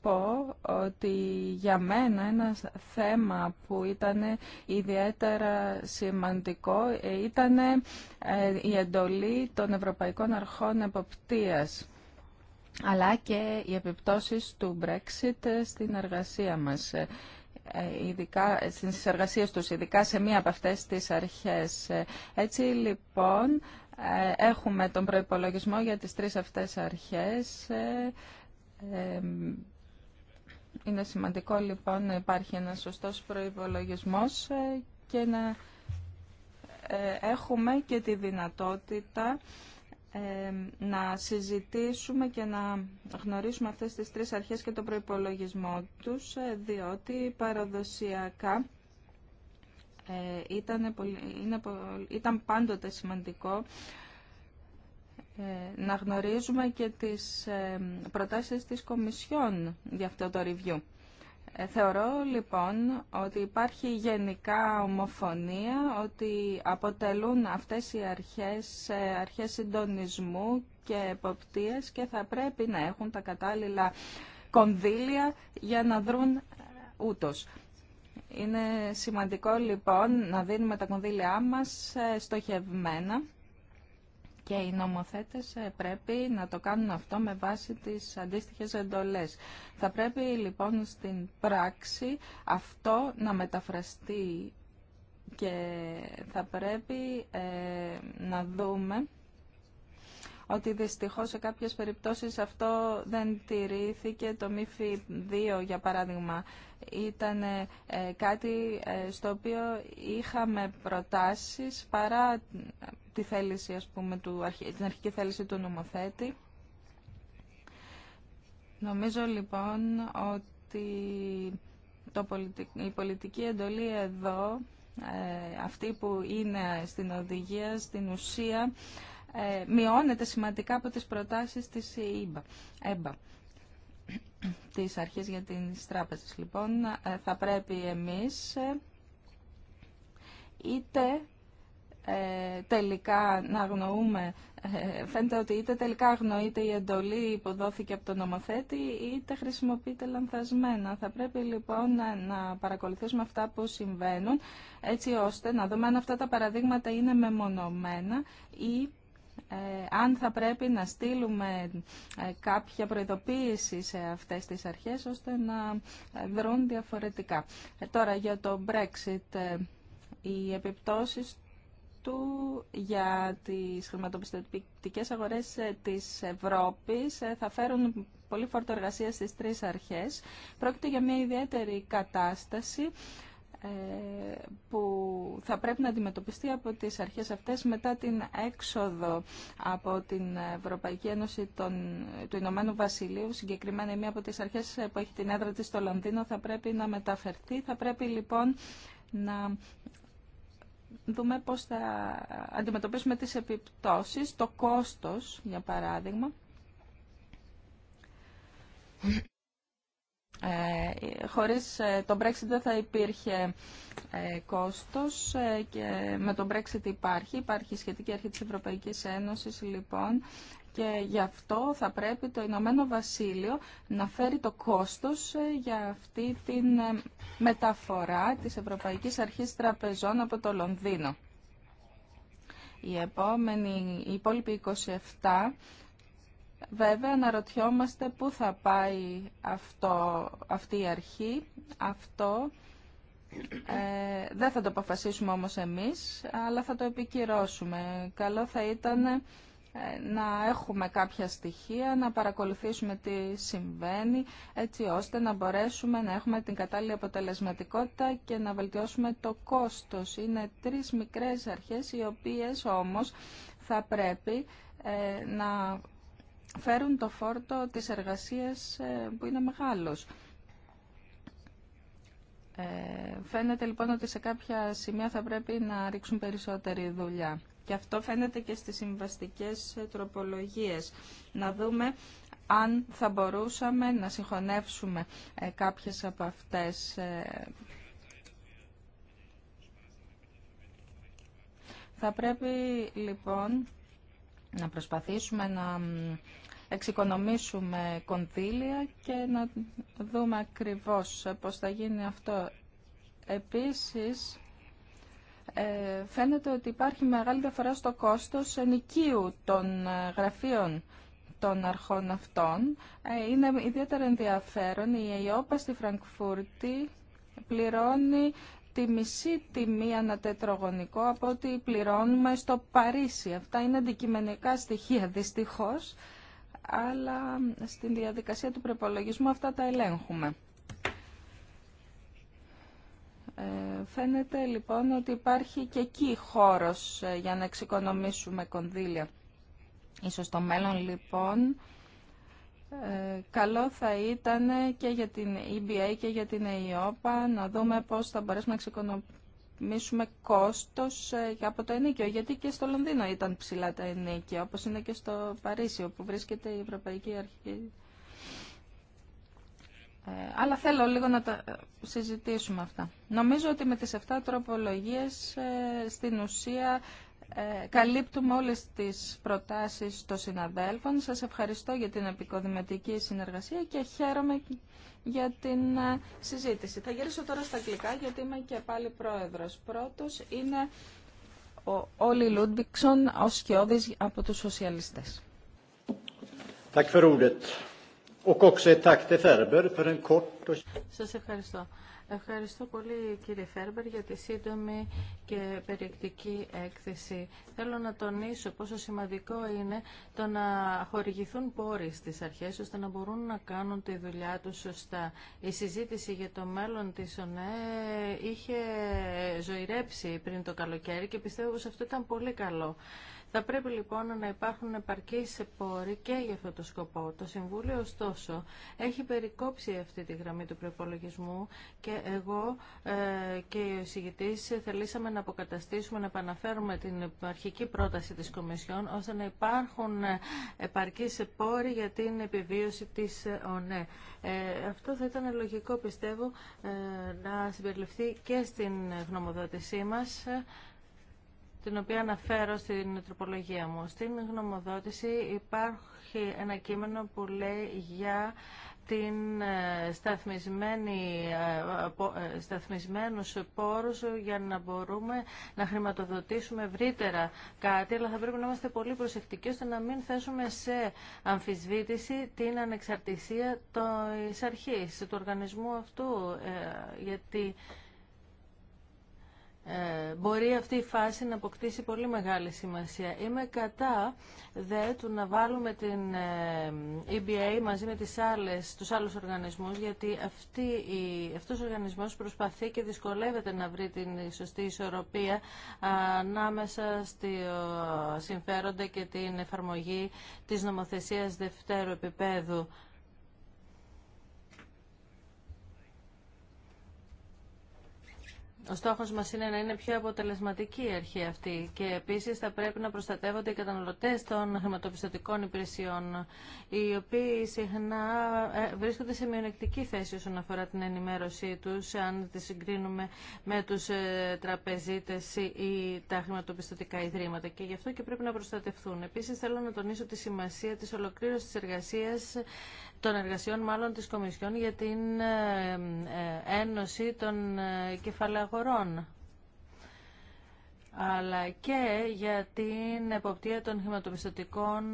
πω ότι για μένα ένα θέμα που ήταν ιδιαίτερα σημαντικό ε, ήταν ε, η εντολή των Ευρωπαϊκών Αρχών Εποπτείας αλλά και οι επιπτώσεις του Brexit στην εργασία μας ειδικά, στις εργασίες τους, ειδικά σε μία από αυτές τις αρχές. Έτσι λοιπόν ε, έχουμε τον προϋπολογισμό για τις τρεις αυτές αρχές. Ε, ε, είναι σημαντικό λοιπόν να υπάρχει ένας σωστός προϋπολογισμός και να έχουμε και τη δυνατότητα να συζητήσουμε και να γνωρίσουμε αυτές τις τρεις αρχές και τον προϋπολογισμό τους, διότι παραδοσιακά ε, ήταν, ήταν πάντοτε σημαντικό ε, να γνωρίζουμε και τις ε, προτάσεις της Κομισιόν για αυτό το review. Θεωρώ λοιπόν ότι υπάρχει γενικά ομοφωνία ότι αποτελούν αυτές οι αρχές, αρχές συντονισμού και εποπτείας και θα πρέπει να έχουν τα κατάλληλα κονδύλια για να δρουν ούτως. Είναι σημαντικό λοιπόν να δίνουμε τα κονδύλια μας ε, στοχευμένα και οι νομοθέτες ε, πρέπει να το κάνουν αυτό με βάση τις αντίστοιχες εντολές. Θα πρέπει λοιπόν στην πράξη αυτό να μεταφραστεί και θα πρέπει ε, να δούμε ότι δυστυχώς σε κάποιες περιπτώσεις αυτό δεν τηρήθηκε. Το ΜΥΦΙ 2, για παράδειγμα, ήταν ε, κάτι ε, στο οποίο είχαμε προτάσεις παρά ε, τη θέληση, ας πούμε, του, την αρχική θέληση του νομοθέτη. Νομίζω λοιπόν ότι το η πολιτική εντολή εδώ, αυτή που είναι στην οδηγία, στην ουσία, ε, μειώνεται σημαντικά από τις προτάσεις της ΕΜΠΑ τις αρχές για την Τράπεζα. Λοιπόν, ε, θα πρέπει εμείς ε, είτε τελικά να αγνοούμε, φαίνεται ότι είτε τελικά αγνοείται η εντολή που δόθηκε από τον νομοθέτη, είτε χρησιμοποιείται λανθασμένα. Θα πρέπει λοιπόν να, παρακολουθήσουμε αυτά που συμβαίνουν, έτσι ώστε να δούμε αν αυτά τα παραδείγματα είναι μεμονωμένα ή ε, αν θα πρέπει να στείλουμε ε, κάποια προειδοποίηση σε αυτές τις αρχές ώστε να ε, δρουν διαφορετικά. Τώρα για το Brexit, οι επιπτώσεις του για τις χρηματοπιστωτικές αγορές της Ευρώπης θα φέρουν πολύ φόρτο εργασία στις τρεις αρχές. Πρόκειται για μια ιδιαίτερη κατάσταση που θα πρέπει να αντιμετωπιστεί από τις αρχές αυτές μετά την έξοδο από την Ευρωπαϊκή Ένωση των, του Ηνωμένου Βασιλείου. Συγκεκριμένα μία από τις αρχές που έχει την έδρα της στο Λονδίνο θα πρέπει να μεταφερθεί. Θα πρέπει λοιπόν να δούμε πώς θα αντιμετωπίσουμε τις επιπτώσεις, το κόστος για παράδειγμα. Ε, χωρίς ε, το Brexit δεν θα υπήρχε ε, κόστος και με το Brexit υπάρχει. Υπάρχει σχετική αρχή της Ευρωπαϊκής Ένωσης λοιπόν και γι' αυτό θα πρέπει το Ηνωμένο Βασίλειο να φέρει το κόστος για αυτή την μεταφορά της Ευρωπαϊκής Αρχής Τραπεζών από το Λονδίνο. Η επόμενη, η υπόλοιπη 27 Βέβαια, αναρωτιόμαστε πού θα πάει αυτό, αυτή η αρχή. Αυτό ε, δεν θα το αποφασίσουμε όμως εμείς, αλλά θα το επικυρώσουμε. Καλό θα ήταν ε, να έχουμε κάποια στοιχεία, να παρακολουθήσουμε τι συμβαίνει, έτσι ώστε να μπορέσουμε να έχουμε την κατάλληλη αποτελεσματικότητα και να βελτιώσουμε το κόστος. Είναι τρεις μικρές αρχές, οι οποίες όμως θα πρέπει ε, να φέρουν το φόρτο της εργασίας ε, που είναι μεγάλος. Ε, φαίνεται λοιπόν ότι σε κάποια σημεία θα πρέπει να ρίξουν περισσότερη δουλειά. Και αυτό φαίνεται και στις συμβαστικές ε, τροπολογίες. Να δούμε αν θα μπορούσαμε να συγχωνεύσουμε κάποιες από αυτές. Θα πρέπει λοιπόν να προσπαθήσουμε να εξοικονομήσουμε κονδύλια και να δούμε ακριβώς πώς θα γίνει αυτό. Επίσης, ε, φαίνεται ότι υπάρχει μεγάλη διαφορά στο κόστος ενοικίου των ε, γραφείων των αρχών αυτών. Ε, είναι ιδιαίτερα ενδιαφέρον. Η ΕΙΟΠΑ στη Φραγκφούρτη πληρώνει τη μισή τιμή τετραγωνικό από ό,τι πληρώνουμε στο Παρίσι. Αυτά είναι αντικειμενικά στοιχεία δυστυχώς, αλλά στην διαδικασία του προπολογισμού αυτά τα ελέγχουμε. Ε, φαίνεται λοιπόν ότι υπάρχει και εκεί χώρος ε, για να εξοικονομήσουμε κονδύλια. Ίσως στο μέλλον λοιπόν ε, καλό θα ήταν και για την EBA και για την ΕΙΟΠΑ να δούμε πώς θα μπορέσουμε να ξεκονομήσουμε κόστος ε, από το ενίκιο. Γιατί και στο Λονδίνο ήταν ψηλά τα ενίκια, όπως είναι και στο Παρίσι, όπου βρίσκεται η Ευρωπαϊκή Αρχή. Ε, αλλά θέλω λίγο να τα συζητήσουμε αυτά. Νομίζω ότι με τις 7 τροπολογίες στην ουσία ε, καλύπτουμε όλες τις προτάσεις των συναδέλφων. Σας ευχαριστώ για την επικοδηματική συνεργασία και χαίρομαι για την ε, συζήτηση. Θα γυρίσω τώρα στα αγγλικά γιατί είμαι και πάλι πρόεδρος. Πρώτος είναι ο Όλι Λούντιξον ο σκιώδης από τους σοσιαλιστές. Σας ευχαριστώ. Ευχαριστώ πολύ κύριε Φέρμπερ για τη σύντομη και περιεκτική έκθεση. Θέλω να τονίσω πόσο σημαντικό είναι το να χορηγηθούν πόροι στις αρχές ώστε να μπορούν να κάνουν τη δουλειά τους σωστά. Η συζήτηση για το μέλλον της ΟΝΕ είχε ζωηρέψει πριν το καλοκαίρι και πιστεύω πως αυτό ήταν πολύ καλό. Θα πρέπει λοιπόν να υπάρχουν επαρκείς πόροι και για αυτό το σκοπό. Το Συμβούλιο, ωστόσο, έχει περικόψει αυτή τη γραμμή του προπολογισμού και εγώ ε, και οι εισηγητής θελήσαμε να αποκαταστήσουμε, να επαναφέρουμε την αρχική πρόταση της Κομισιόν, ώστε να υπάρχουν ε, επαρκείς πόροι για την επιβίωση της ε, ΟΝΕ. αυτό θα ήταν λογικό, πιστεύω, να συμπεριληφθεί και στην γνωμοδότησή μας την οποία αναφέρω στην τροπολογία μου. Στην γνωμοδότηση υπάρχει ένα κείμενο που λέει για την ε, σταθμισμένη, ε, ε, σταθμισμένους πόρους για να μπορούμε να χρηματοδοτήσουμε ευρύτερα κάτι, αλλά θα πρέπει να είμαστε πολύ προσεκτικοί ώστε να μην θέσουμε σε αμφισβήτηση την ανεξαρτησία της αρχής, του οργανισμού αυτού, γιατί ε, μπορεί αυτή η φάση να αποκτήσει πολύ μεγάλη σημασία. Είμαι κατά δε του να βάλουμε την ε, EBA μαζί με τις άλλες, τους άλλους οργανισμούς γιατί αυτή η, αυτός ο οργανισμός προσπαθεί και δυσκολεύεται να βρει την σωστή ισορροπία ε, ανάμεσα στη συμφέροντα και την εφαρμογή της νομοθεσίας δευτέρου επίπεδου. Ο στόχος μας είναι να είναι πιο αποτελεσματική η αρχή αυτή και επίσης θα πρέπει να προστατεύονται οι καταναλωτές των χρηματοπιστωτικών υπηρεσιών οι οποίοι συχνά ε, βρίσκονται σε μειονεκτική θέση όσον αφορά την ενημέρωσή τους αν τη συγκρίνουμε με τους ε, τραπεζίτες ή τα χρηματοπιστωτικά ιδρύματα και γι' αυτό και πρέπει να προστατευτούν. Επίσης θέλω να τονίσω τη σημασία της ολοκλήρωσης της εργασίας των εργασιών μάλλον της Κομισιόν για την ε, ε, Ένωση των ε, Κεφαλαγορών αλλά και για την εποπτεία των χρηματοπιστωτικών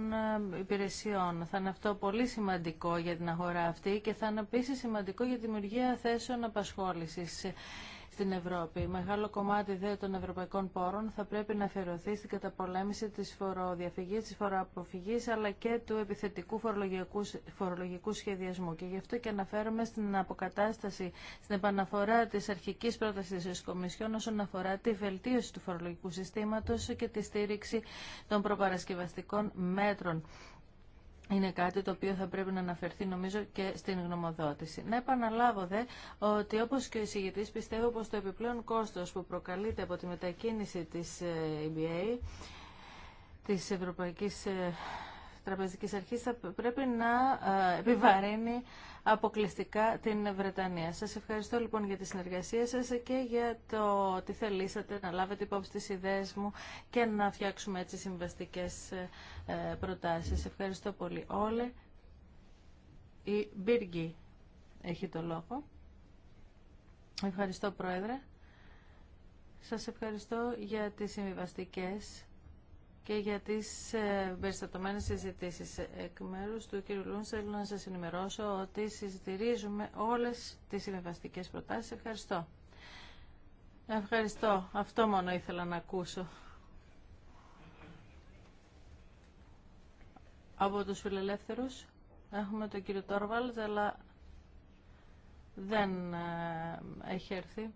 υπηρεσιών. Θα είναι αυτό πολύ σημαντικό για την αγορά αυτή και θα είναι επίση σημαντικό για τη δημιουργία θέσεων απασχόλησης στην Ευρώπη. Μεγάλο κομμάτι δε των ευρωπαϊκών πόρων θα πρέπει να αφιερωθεί στην καταπολέμηση τη φοροδιαφυγή, τη φοροαποφυγή αλλά και του επιθετικού φορολογικού, φορολογικού σχεδιασμού. Και γι' αυτό και αναφέρομαι στην αποκατάσταση, στην επαναφορά της αρχικής πρότασης της Κομισιόν όσον αφορά τη βελτίωση του φορολογικού συστήματο και τη στήριξη των προπαρασκευαστικών μέτρων είναι κάτι το οποίο θα πρέπει να αναφερθεί νομίζω και στην γνωμοδότηση. Να επαναλάβω δε ότι όπως και ο εισηγητή πιστεύω πως το επιπλέον κόστος που προκαλείται από τη μετακίνηση της EBA ε, της Ευρωπαϊκής ε, Τραπεζικής Αρχής θα πρέπει να ε, επιβαρύνει αποκλειστικά την Βρετανία. Σας ευχαριστώ λοιπόν για τη συνεργασία σας και για το ότι θελήσατε να λάβετε υπόψη τις ιδέες μου και να φτιάξουμε έτσι συμβαστικές ε, προτάσεις. Ευχαριστώ πολύ όλε. Η Μπίργκη έχει το λόγο. Ευχαριστώ Πρόεδρε. Σας ευχαριστώ για τις συμβιβαστικές και για τις ε, περιστατωμένε συζητήσει. Εκ μέρου του κ. Λούντ θέλω να σα ενημερώσω ότι συζητηρίζουμε όλες τις συμβαστικέ προτάσει. Ευχαριστώ. Ευχαριστώ. Αυτό μόνο ήθελα να ακούσω. Από τους φιλελεύθερους έχουμε τον κύριο Τόρβαλτ, αλλά δεν ε, έχει έρθει.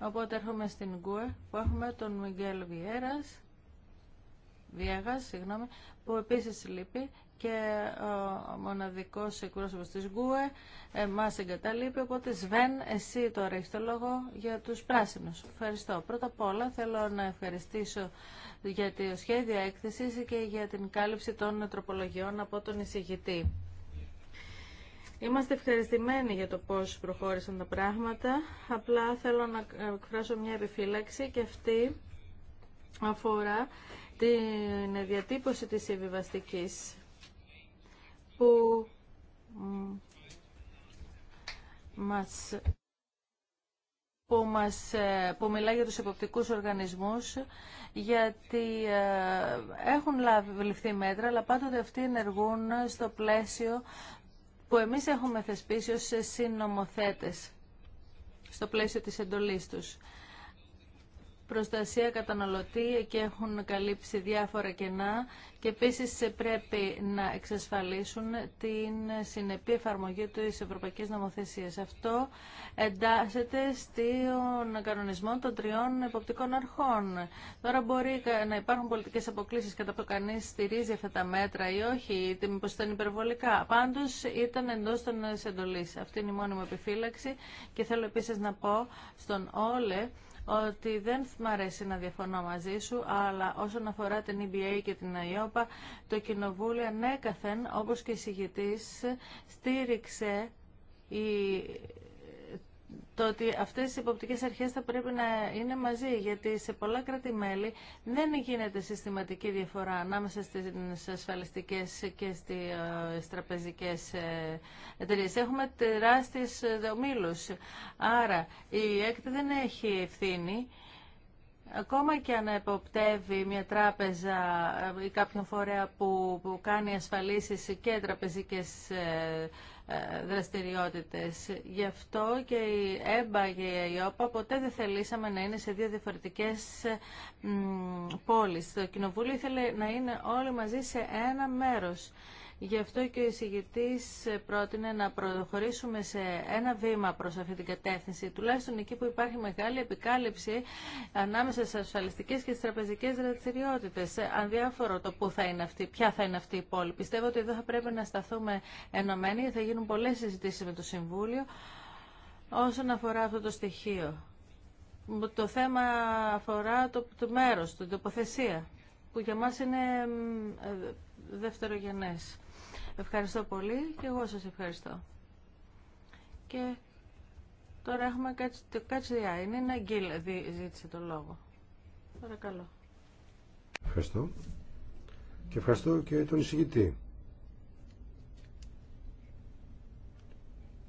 Οπότε έρχομαι στην Γκούε που έχουμε τον Μιγγέλ Βιέρας Βιέγα, συγγνώμη, που επίση λείπει και ο μοναδικό εκπρόσωπο τη ΓΚΟΕ ε, μας εγκαταλείπει, οπότε Σβέν, εσύ τώρα έχει το λόγο για τους πράσινους. Ευχαριστώ. Πρώτα απ' όλα θέλω να ευχαριστήσω για τη σχέδια έκθεση και για την κάλυψη των τροπολογιών από τον εισηγητή. Είμαστε ευχαριστημένοι για το πώς προχώρησαν τα πράγματα. Απλά θέλω να εκφράσω μια επιφύλαξη και αυτή αφορά την διατύπωση της συμβιβαστική που μας που, μας, που μιλά για τους εποπτικούς οργανισμούς, γιατί ε, έχουν ληφθεί μέτρα, αλλά πάντοτε αυτοί ενεργούν στο πλαίσιο που εμείς έχουμε θεσπίσει ως συνομοθέτες, στο πλαίσιο της εντολής τους προστασία καταναλωτή και έχουν καλύψει διάφορα κενά και επίσης πρέπει να εξασφαλίσουν την συνεπή εφαρμογή της Ευρωπαϊκής Νομοθεσίας. Αυτό εντάσσεται στον κανονισμό των τριών εποπτικών αρχών. Τώρα μπορεί να υπάρχουν πολιτικές αποκλήσεις κατά που κανείς στηρίζει αυτά τα μέτρα ή όχι, είτε μήπως ήταν υπερβολικά. Πάντως ήταν εντός των εντολής. Αυτή είναι η οχι η μηπως ηταν υπερβολικα παντως ηταν εντος επιφύλαξη και θέλω επίσης να πω στον Όλε ότι δεν μ' αρέσει να διαφωνώ μαζί σου, αλλά όσον αφορά την EBA και την ΑΙΟΠΑ, το Κοινοβούλιο ανέκαθεν, όπως και η συγητής, στήριξε η το ότι αυτές οι υποπτικέ αρχές θα πρέπει να είναι μαζί, γιατί σε πολλά κράτη-μέλη δεν γίνεται συστηματική διαφορά ανάμεσα στις ασφαλιστικέ και στις τραπεζικές εταιρείε. Έχουμε τεράστιε ομίλου. άρα η ΕΚΤ δεν έχει ευθύνη. Ακόμα και αν εποπτεύει μια τράπεζα ή κάποιον φορέα που, κάνει ασφαλίσεις και τραπεζικές ε, ε, δραστηριότητες. Γι' αυτό και η ΕΜΠΑ και η ΕΙΟΠΑ ποτέ δεν θελήσαμε να είναι σε δύο διαφορετικές πόλεις. Το Κοινοβούλιο ήθελε να είναι όλοι μαζί σε ένα μέρος. Γι' αυτό και ο εισηγητής πρότεινε να προχωρήσουμε σε ένα βήμα προς αυτή την κατεύθυνση, τουλάχιστον εκεί που υπάρχει μεγάλη επικάλυψη ανάμεσα στις ασφαλιστικές και στις τραπεζικές δραστηριότητε. Ανδιάφορο το πού θα είναι αυτή, ποια θα είναι αυτή η πόλη. Πιστεύω ότι εδώ θα πρέπει να σταθούμε ενωμένοι, θα γίνουν πολλές συζητήσεις με το Συμβούλιο όσον αφορά αυτό το στοιχείο. Το θέμα αφορά το, το μέρος, την τοποθεσία, που για μας είναι ε, δευτερογενές. Ευχαριστώ πολύ και εγώ σας ευχαριστώ. Και τώρα έχουμε κάτι το διά. Είναι ένα γκίλ ζήτησε το λόγο. Παρακαλώ. Ευχαριστώ. Και ευχαριστώ και τον εισηγητή.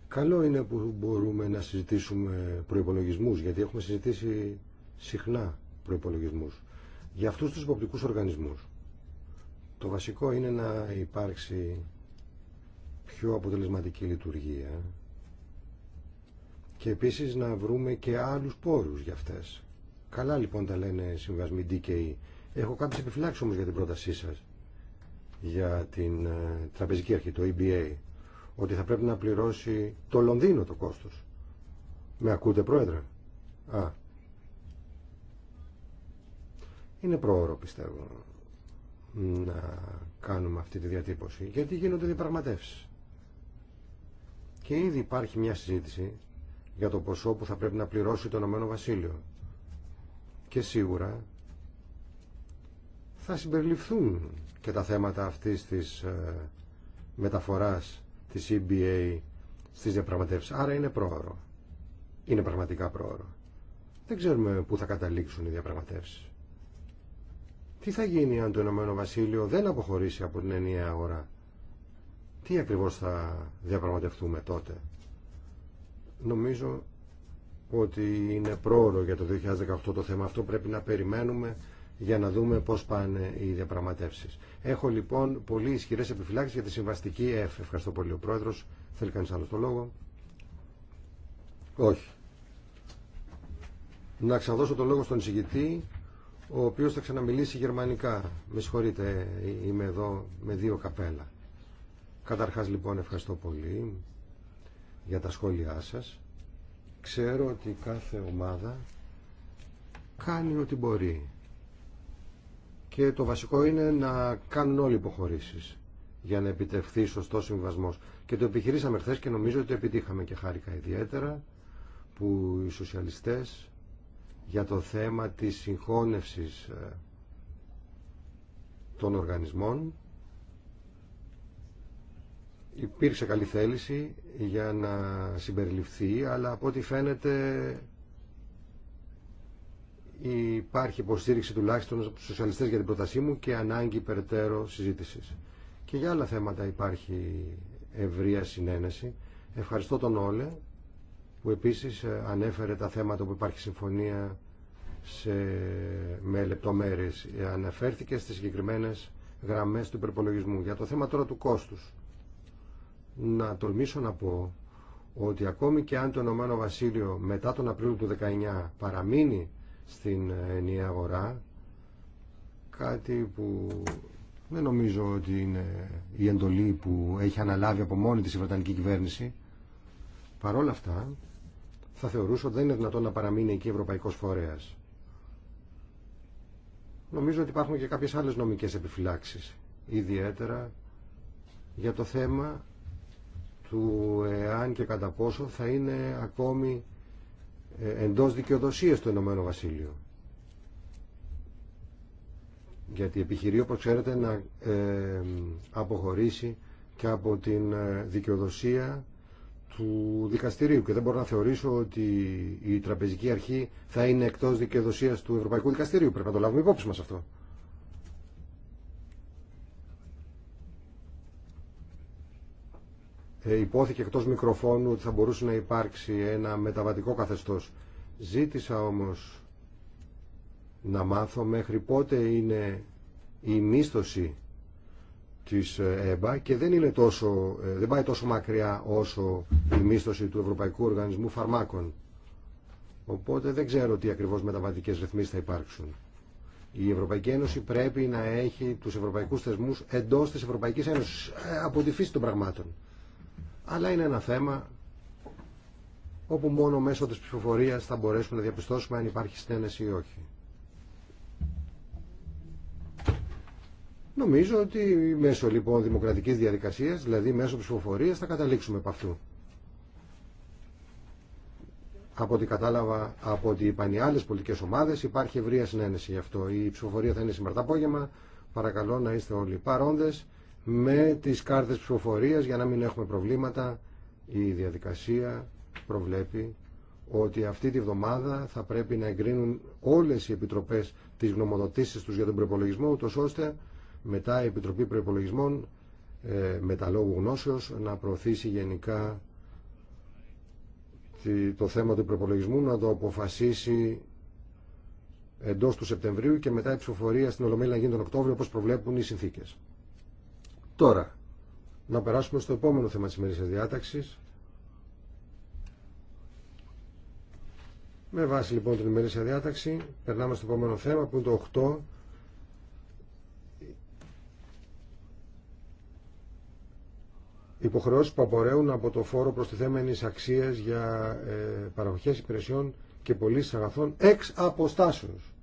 Καλό είναι που μπορούμε να συζητήσουμε προϋπολογισμούς, γιατί έχουμε συζητήσει συχνά προϋπολογισμούς. Για αυτούς τους υποπτικούς οργανισμούς, το βασικό είναι να υπάρξει πιο αποτελεσματική λειτουργία και επίσης να βρούμε και άλλους πόρους για αυτές. Καλά λοιπόν τα λένε συμβασμοί DKE. Έχω κάποιες επιφυλάξεις όμως για την πρότασή σας για την ε, τραπεζική αρχή, το EBA, ότι θα πρέπει να πληρώσει το Λονδίνο το κόστος. Με ακούτε πρόεδρε. Α. Είναι πρόωρο πιστεύω να κάνουμε αυτή τη διατύπωση γιατί γίνονται διαπραγματεύσεις. Και ήδη υπάρχει μια συζήτηση για το ποσό που θα πρέπει να πληρώσει το Ηνωμένο Βασίλειο. Και σίγουρα θα συμπεριληφθούν και τα θέματα αυτής της ε, μεταφοράς της EBA στις διαπραγματεύσεις. Άρα είναι πρόωρο. Είναι πραγματικά πρόωρο. Δεν ξέρουμε πού θα καταλήξουν οι διαπραγματεύσεις. Τι θα γίνει αν το Ηνωμένο Βασίλειο δεν αποχωρήσει από την ενιαία αγορά τι ακριβώς θα διαπραγματευτούμε τότε. Νομίζω ότι είναι πρόωρο για το 2018 το θέμα αυτό. Πρέπει να περιμένουμε για να δούμε πώς πάνε οι διαπραγματεύσεις. Έχω λοιπόν πολύ ισχυρές επιφυλάξεις για τη συμβαστική ΕΦ. Ευχαριστώ πολύ ο Πρόεδρος. Θέλει κανείς άλλο το λόγο. Όχι. Να ξαδώσω το λόγο στον συγκητή, ο οποίος θα ξαναμιλήσει γερμανικά. Με συγχωρείτε, ε, είμαι εδώ με δύο καπέλα. Καταρχάς λοιπόν ευχαριστώ πολύ για τα σχόλιά σας. Ξέρω ότι κάθε ομάδα κάνει ό,τι μπορεί. Και το βασικό είναι να κάνουν όλοι υποχωρήσεις για να επιτευχθεί σωστό συμβασμός. Και το επιχειρήσαμε χθε και νομίζω ότι επιτύχαμε και χάρηκα ιδιαίτερα που οι σοσιαλιστές για το θέμα της συγχώνευσης ε, των οργανισμών υπήρξε καλή θέληση για να συμπεριληφθεί, αλλά από ό,τι φαίνεται υπάρχει υποστήριξη τουλάχιστον από τους σοσιαλιστές για την πρότασή μου και ανάγκη περαιτέρω συζήτησης. Και για άλλα θέματα υπάρχει ευρεία συνένεση. Ευχαριστώ τον Όλε που επίσης ε, ανέφερε τα θέματα που υπάρχει συμφωνία σε, με λεπτομέρειες. Ε, αναφέρθηκε στις συγκεκριμένες γραμμές του υπερπολογισμού. Για το θέμα τώρα του κόστους να τολμήσω να πω ότι ακόμη και αν το Ηνωμένο Βασίλειο μετά τον Απρίλιο του 19 παραμείνει στην ε, ενιαία αγορά, κάτι που δεν νομίζω ότι είναι η εντολή που έχει αναλάβει από μόνη της η Βρετανική κυβέρνηση, παρόλα αυτά θα θεωρούσω ότι δεν είναι δυνατόν να παραμείνει εκεί ευρωπαϊκός φορέας. Νομίζω ότι υπάρχουν και κάποιες άλλες νομικές επιφυλάξεις, ιδιαίτερα για το θέμα του εάν και κατά πόσο θα είναι ακόμη ε, εντός δικαιοδοσίας το Ηνωμένο Βασίλειο. Γιατί επιχειρεί, όπως ξέρετε, να ε, αποχωρήσει και από την ε, δικαιοδοσία του δικαστηρίου και δεν μπορώ να θεωρήσω ότι η τραπεζική αρχή θα είναι εκτός δικαιοδοσίας του Ευρωπαϊκού Δικαστηρίου. Πρέπει να το λάβουμε υπόψη μας αυτό. Ε, υπόθηκε εκτός μικροφώνου ότι θα μπορούσε να υπάρξει ένα μεταβατικό καθεστώς. Ζήτησα όμως να μάθω μέχρι πότε είναι η μίσθωση της ε, ΕΜΠΑ και δεν, είναι τόσο, ε, δεν πάει τόσο μακριά όσο η μίσθωση του Ευρωπαϊκού Οργανισμού Φαρμάκων. Οπότε δεν ξέρω τι ακριβώς μεταβατικές ρυθμίσεις θα υπάρξουν. Η Ευρωπαϊκή Ένωση πρέπει να έχει τους ευρωπαϊκούς θεσμούς εντός της Ευρωπαϊκής Ένωσης από τη φύση των πραγμάτων αλλά είναι ένα θέμα όπου μόνο μέσω της ψηφοφορίας θα μπορέσουμε να διαπιστώσουμε αν υπάρχει συνένεση ή όχι. Νομίζω ότι μέσω λοιπόν δημοκρατικής διαδικασίας, δηλαδή μέσω ψηφοφορίας, θα καταλήξουμε από αυτού. Από ό,τι κατάλαβα από ό,τι είπαν οι άλλες πολιτικές ομάδες, υπάρχει ευρεία συνένεση γι' αυτό. Η ψηφοφορία θα είναι σήμερα το απόγευμα. Παρακαλώ να είστε όλοι παρόντες με τις κάρτες ψηφοφορίας για να μην έχουμε προβλήματα. Η διαδικασία προβλέπει ότι αυτή τη βδομάδα θα πρέπει να εγκρίνουν όλες οι επιτροπές τις γνωμοδοτήσεις τους για τον προπολογισμό, ούτως ώστε μετά η Επιτροπή Προπολογισμών ε, με τα λόγου γνώσεως να προωθήσει γενικά το θέμα του προπολογισμού, να το αποφασίσει εντός του Σεπτεμβρίου και μετά η ψηφοφορία στην Ολομέλη να γίνει τον Οκτώβριο όπως προβλέπουν οι συνθήκες. Τώρα, να περάσουμε στο επόμενο θέμα της ημερήσιας διάταξης. Με βάση λοιπόν την ημερήσια διάταξη, περνάμε στο επόμενο θέμα που είναι το 8. Υποχρεώσεις που απορρέουν από το φόρο προστιθέμενης αξίες για ε, παραγωγές υπηρεσιών και πωλήσει αγαθών εξ αποστάσεως.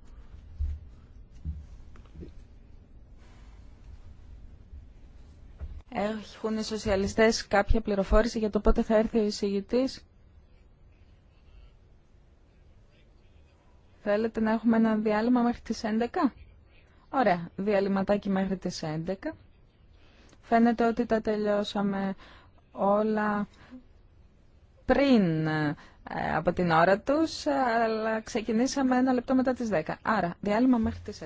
Έχουν οι σοσιαλιστές κάποια πληροφόρηση για το πότε θα έρθει ο εισηγητής. Θέλετε να έχουμε ένα διάλειμμα μέχρι τις 11. Ωραία, διαλυματάκι μέχρι τις 11. Φαίνεται ότι τα τελειώσαμε όλα πριν ε, από την ώρα τους, αλλά ξεκινήσαμε ένα λεπτό μετά τις 10. Άρα, διάλειμμα μέχρι τις 11.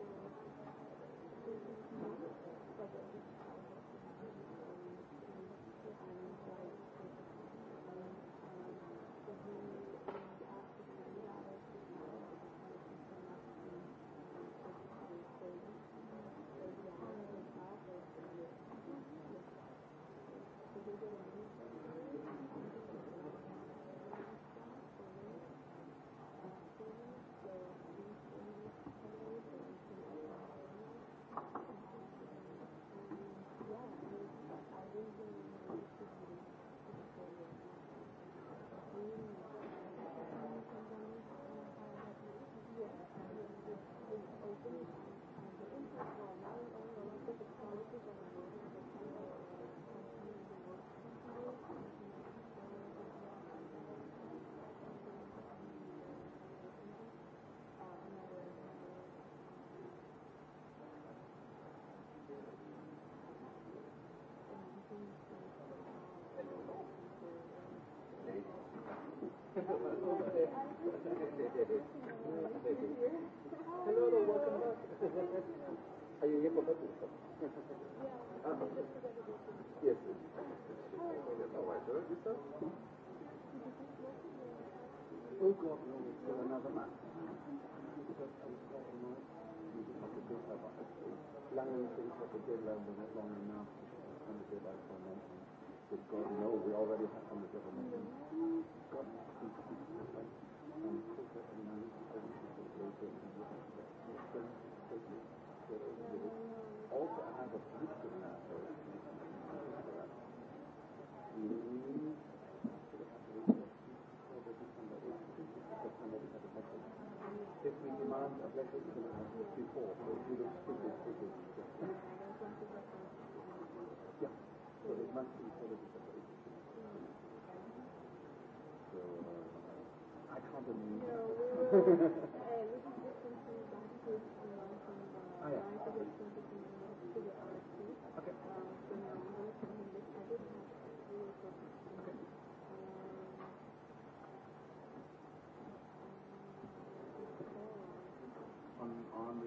Thank you. Hello, welcome back. Are you here for Yes. Oh, for God, no, we already have some of the government. Also, I have a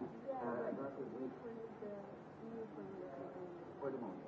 Wait a moment.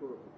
Cool.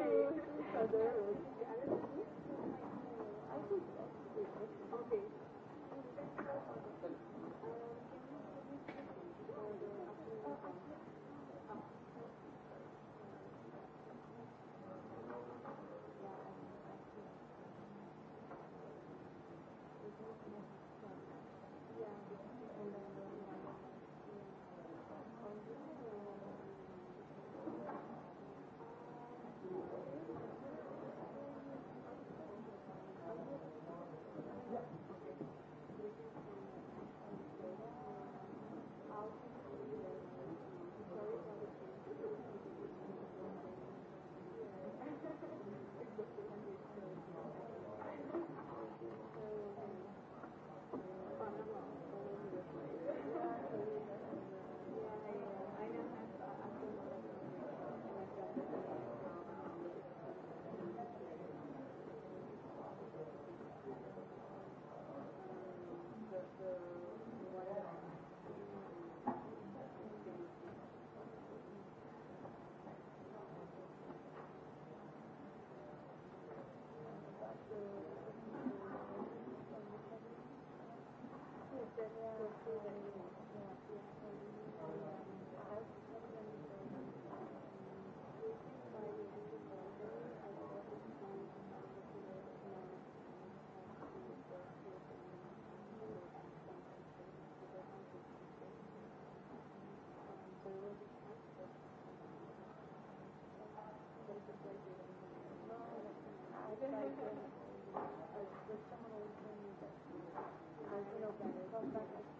Okay. go Thank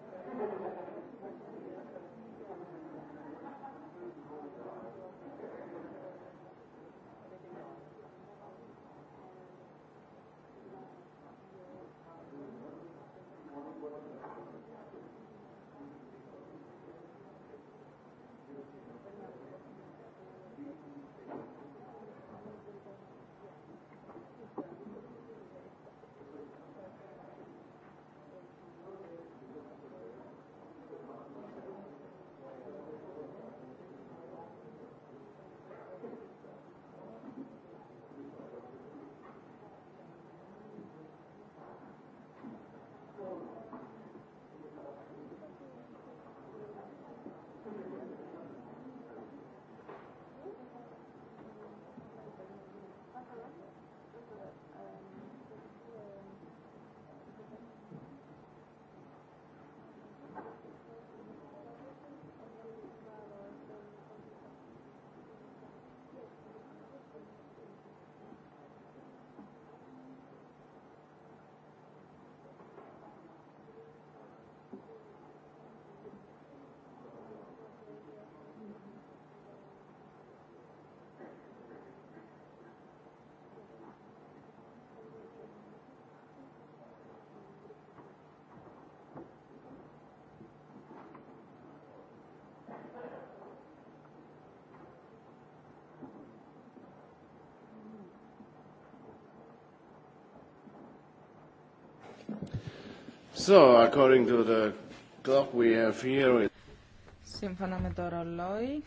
Σύμφωνα με το ρολόι,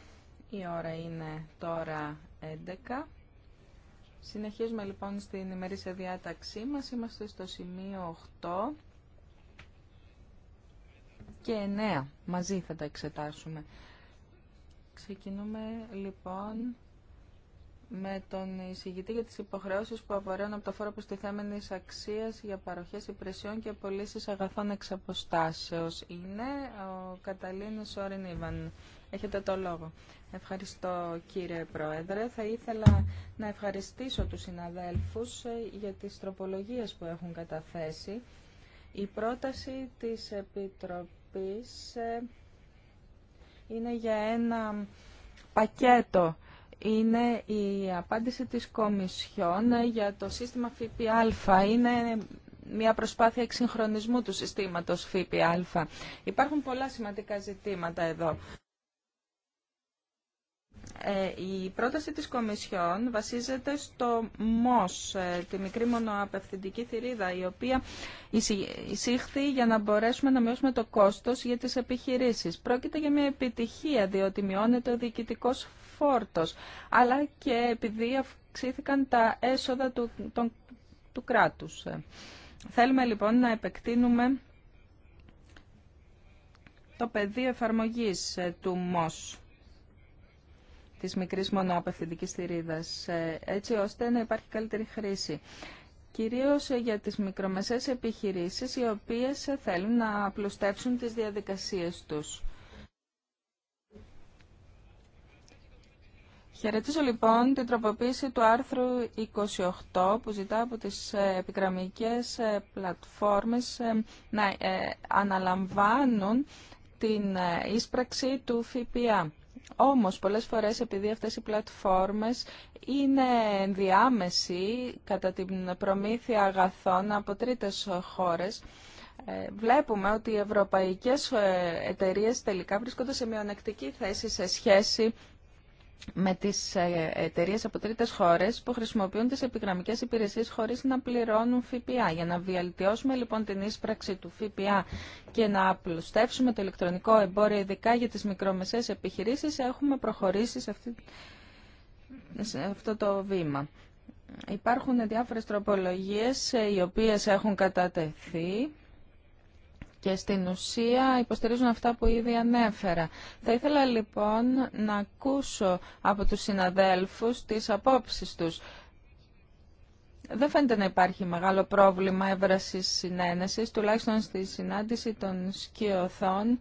η ώρα είναι τώρα 11. Συνεχίζουμε λοιπόν στην ημερήσια διάταξή μας. Είμαστε στο σημείο 8 και 9. Μαζί θα τα εξετάσουμε. Ξεκινούμε λοιπόν με τον εισηγητή για τις υποχρεώσεις που απορρέουν από το φόρο προστιθέμενης αξίας για παροχές υπηρεσιών και πωλήσει αγαθών εξ αποστάσεως. Είναι ο Καταλίνος Σόριν Ιβαν. Έχετε το λόγο. Ευχαριστώ κύριε Πρόεδρε. Θα ήθελα να ευχαριστήσω τους συναδέλφους ε, για τις τροπολογίες που έχουν καταθέσει. Η πρόταση της Επιτροπής ε, είναι για ένα πακέτο είναι η απάντηση της Κομισιόν για το σύστημα ΦΠΑ. Είναι μια προσπάθεια εξυγχρονισμού του συστήματος ΦΠΑ. Υπάρχουν πολλά σημαντικά ζητήματα εδώ. Ε, η πρόταση της Κομισιόν βασίζεται στο ΜΟΣ, ε, τη μικρή μονοαπευθυντική θηρίδα, η οποία εισήχθη για να μπορέσουμε να μειώσουμε το κόστος για τις επιχειρήσεις. Πρόκειται για μια επιτυχία, διότι μειώνεται ο διοικητικός αλλά και επειδή αυξήθηκαν τα έσοδα του, των, του κράτους. Θέλουμε λοιπόν να επεκτείνουμε το πεδίο εφαρμογής ε, του ΜΟΣ της μικρής μονοαπευθυντικής θηρίδας, ε, έτσι ώστε να υπάρχει καλύτερη χρήση. Κυρίως ε, για τις μικρομεσαίες επιχειρήσεις, οι οποίες θέλουν να απλουστεύσουν τις διαδικασίες τους. Χαιρετίζω λοιπόν την τροποποίηση του άρθρου 28 που ζητά από τις ε, επικραμμικές ε, πλατφόρμες ε, να αναλαμβάνουν την ίσπραξη του ΦΠΑ. Όμως πολλές φορές επειδή αυτές οι πλατφόρμες είναι διάμεση κατά την προμήθεια αγαθών από τρίτες χώρες, βλέπουμε ότι οι ευρωπαϊκές εταιρείες τελικά βρίσκονται σε μειονεκτική θέση σε σχέση με τις ε, εταιρείε από τρίτες χώρες που χρησιμοποιούν τις επιγραμμικές υπηρεσίες χωρίς να πληρώνουν ΦΠΑ. Για να βιαλτιώσουμε λοιπόν την ίσπραξη του ΦΠΑ και να απλουστεύσουμε το ηλεκτρονικό εμπόριο, ειδικά για τις μικρομεσαίες επιχειρήσεις, έχουμε προχωρήσει σε, αυτή... σε αυτό το βήμα. Υπάρχουν διάφορες τροπολογίες ε, οι οποίες έχουν κατατεθεί και στην ουσία υποστηρίζουν αυτά που ήδη ανέφερα. Θα ήθελα λοιπόν να ακούσω από τους συναδέλφους τις απόψεις τους. Δεν φαίνεται να υπάρχει μεγάλο πρόβλημα έβρασης συνένεσης, τουλάχιστον στη συνάντηση των σκιωθών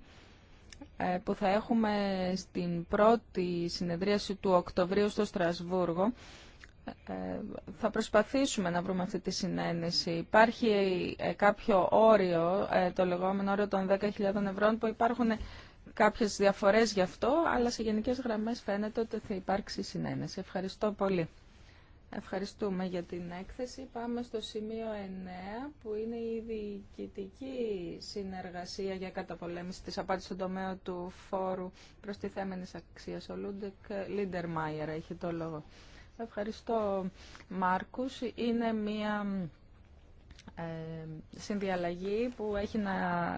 ε, που θα έχουμε στην πρώτη συνεδρίαση του Οκτωβρίου στο Στρασβούργο. Ε, θα προσπαθήσουμε να βρούμε αυτή τη συνένεση. Υπάρχει ε, κάποιο όριο, ε, το λεγόμενο όριο των 10.000 ευρώ, που υπάρχουν κάποιες διαφορές γι' αυτό, αλλά σε γενικές γραμμές φαίνεται ότι θα υπάρξει συνένεση. Ευχαριστώ πολύ. Ευχαριστούμε για την έκθεση. Πάμε στο σημείο 9, που είναι η διοικητική συνεργασία για καταπολέμηση της απάτης στον τομέα του φόρου προστιθέμενης αξίας. Ο Λούντεκ Μάιερ έχει το λόγο. Ευχαριστώ, Μάρκους. Είναι μια ε, συνδιαλλαγή που έχει να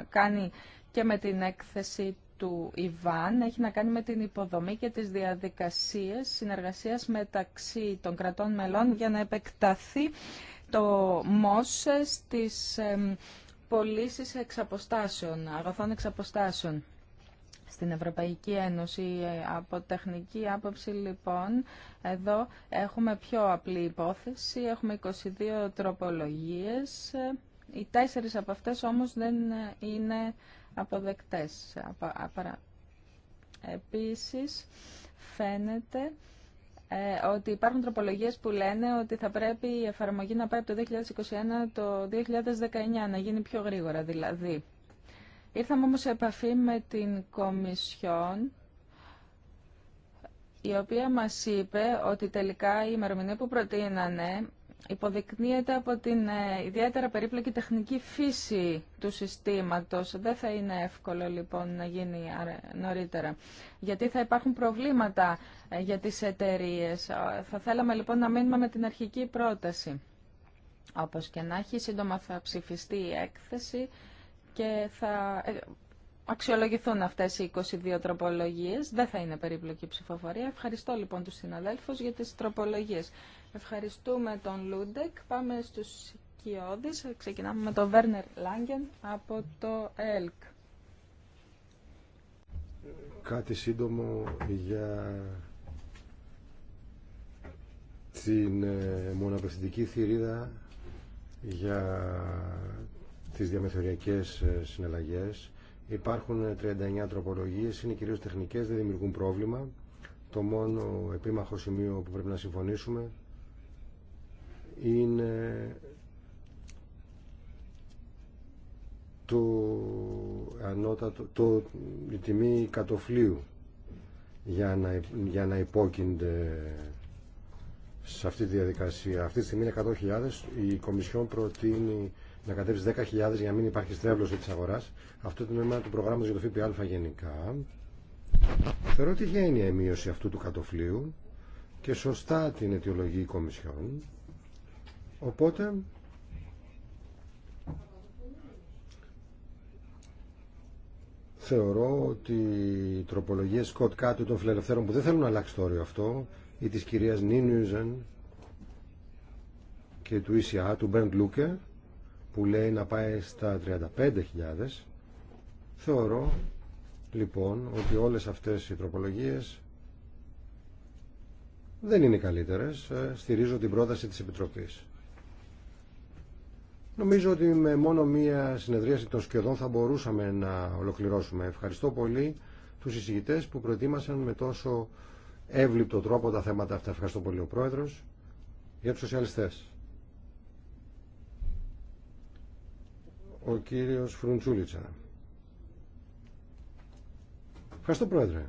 κάνει και με την έκθεση του Ιβάν έχει να κάνει με την υποδομή και τις διαδικασίες συνεργασίας μεταξύ των κρατών μελών για να επεκταθεί το μόσες της ε, πωλήσει εξαποστάσεων, αγαθών εξαποστάσεων στην Ευρωπαϊκή Ένωση. Ε, από τεχνική άποψη λοιπόν, εδώ έχουμε πιο απλή υπόθεση, έχουμε 22 τροπολογίες, ε, οι τέσσερις από αυτές όμως δεν είναι αποδεκτές. Επίσης, φαίνεται ε, ότι υπάρχουν τροπολογίες που λένε ότι θα πρέπει η εφαρμογή να πάει από το 2021 το 2019, να γίνει πιο γρήγορα δηλαδή. Ήρθαμε όμως σε επαφή με την Κομισιόν η οποία μας είπε ότι τελικά η ημερομηνία που προτείνανε υποδεικνύεται από την ε, ιδιαίτερα περίπλοκη τεχνική φύση του συστήματος. Δεν θα είναι εύκολο λοιπόν να γίνει νωρίτερα, γιατί θα υπάρχουν προβλήματα ε, για τις εταιρείε. Ε, θα θέλαμε λοιπόν να μείνουμε με την αρχική πρόταση. Όπως και να έχει, σύντομα θα ψηφιστεί η έκθεση και θα ε, αξιολογηθούν αυτές οι 22 τροπολογίες. Δεν θα είναι περίπλοκη ψηφοφορία. Ευχαριστώ λοιπόν τους συναδέλφους για τις τροπολογίες. Ευχαριστούμε τον Λούντεκ. Πάμε στους Κιώδης. Ξεκινάμε με τον Βέρνερ Λάγκεν από το ΕΛΚ. Κάτι σύντομο για την ε, μοναπευθυντική θηρίδα για τις διαμεθοριακές ε, συναλλαγές. Υπάρχουν 39 ε, τροπολογίες, είναι κυρίως τεχνικές, δεν δημιουργούν πρόβλημα. Το μόνο επίμαχο σημείο που πρέπει να συμφωνήσουμε είναι το ανώτατο, το, η τιμή κατοφλίου για να, για να υπόκεινται σε αυτή τη διαδικασία. Αυτή τη στιγμή είναι 100.000. Η Κομισιόν προτείνει να κατέβει 10.000 για να μην υπάρχει στρέβλωση τη αγορά. Αυτό είναι το νόημα του προγράμματο για το ΦΠΑ γενικά. Θεωρώ ότι γένεια η μείωση αυτού του κατοφλίου και σωστά την αιτιολογεί η Κομισιόν. Οπότε θεωρώ ότι οι τροπολογίε Σκοτ Κάτου των φιλελευθέρων που δεν θέλουν να αλλάξει το όριο αυτό ή τη κυρία Νίνιουζεν και του ECA, του Μπέντ Λούκε, που λέει να πάει στα 35.000 θεωρώ λοιπόν ότι όλες αυτές οι τροπολογίες δεν είναι καλύτερες ε, στηρίζω την πρόταση της Επιτροπής Νομίζω ότι με μόνο μία συνεδρίαση των σχεδόν θα μπορούσαμε να ολοκληρώσουμε. Ευχαριστώ πολύ τους εισηγητές που προετοίμασαν με τόσο εύληπτο τρόπο τα θέματα αυτά. Ευχαριστώ πολύ ο Πρόεδρος για τους σοσιαλιστές. ο κύριος Φρουντσούλητσα. Ευχαριστώ πρόεδρε.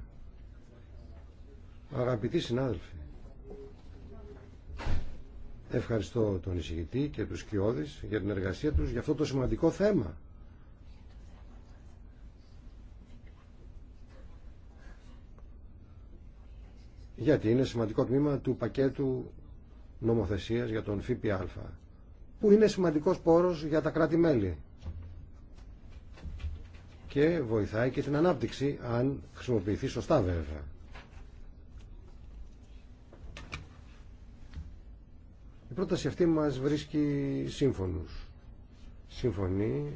Αγαπητοί συνάδελφοι, ευχαριστώ τον εισηγητή και τους κοιόδης για την εργασία τους για αυτό το σημαντικό θέμα. Γιατί είναι σημαντικό τμήμα του πακέτου νομοθεσίας για τον ΦΠΑ που είναι σημαντικός πόρος για τα κράτη-μέλη και βοηθάει και την ανάπτυξη αν χρησιμοποιηθεί σωστά βέβαια. Η πρόταση αυτή μας βρίσκει σύμφωνους. Σύμφωνη,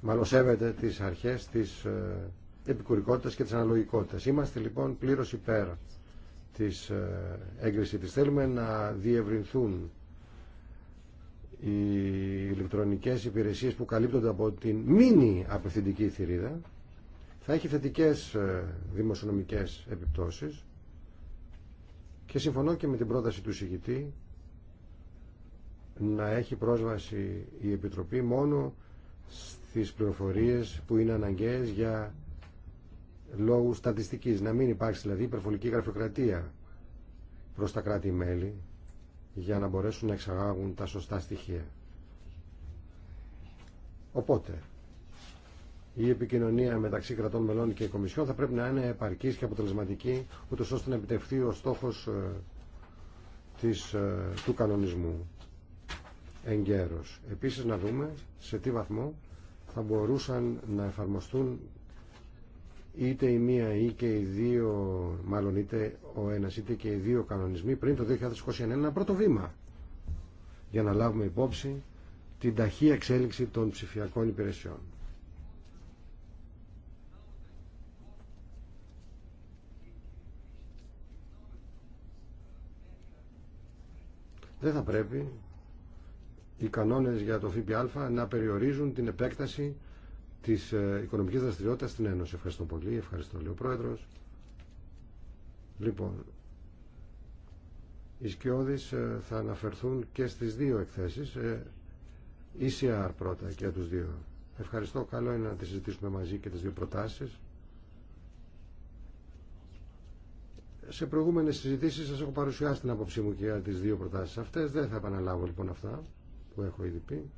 μάλλον σέβεται τις αρχές της ε, επικουρικότητας και της αναλογικότητας. Είμαστε λοιπόν πλήρως υπέρ της ε, έγκρισης της. Θέλουμε να διευρυνθούν οι ηλεκτρονικές υπηρεσίες που καλύπτονται από την μίνι απευθυντική θηρίδα θα έχει θετικές ε, δημοσιονομικές επιπτώσεις και συμφωνώ και με την πρόταση του συγητή να έχει πρόσβαση η Επιτροπή μόνο στις πληροφορίες που είναι αναγκαίες για λόγους στατιστικής. Να μην υπάρξει δηλαδή υπερβολική γραφειοκρατία προς τα κράτη-μέλη για να μπορέσουν να εξαγάγουν τα σωστά στοιχεία. Οπότε, η επικοινωνία μεταξύ κρατών μελών και κομισιών θα πρέπει να είναι επαρκής και αποτελεσματική, ούτω ώστε να επιτευχθεί ο στόχος ε, της, ε, του κανονισμού εγκαίρως. Επίσης να δούμε σε τι βαθμό θα μπορούσαν να εφαρμοστούν είτε η μία ή και οι δύο, μάλλον είτε ο ένας είτε και οι δύο κανονισμοί πριν το 2021 ένα πρώτο βήμα για να λάβουμε υπόψη την ταχεία εξέλιξη των ψηφιακών υπηρεσιών. Δεν θα πρέπει οι κανόνες για το ΦΠΑ να περιορίζουν την επέκταση της ε, οικονομική δραστηριότητα στην Ένωση. Ευχαριστώ πολύ. Ευχαριστώ, λέει ο Πρόεδρος. Λοιπόν, οι σκιώδεις ε, θα αναφερθούν και στις δύο εκθέσεις, ECR ε, πρώτα και τους δύο. Ευχαριστώ. Καλό είναι να τις συζητήσουμε μαζί και τις δύο προτάσεις. Σε προηγούμενες συζητήσεις σας έχω παρουσιάσει την άποψή μου και για τις δύο προτάσεις αυτές. Δεν θα επαναλάβω λοιπόν αυτά που έχω ήδη πει.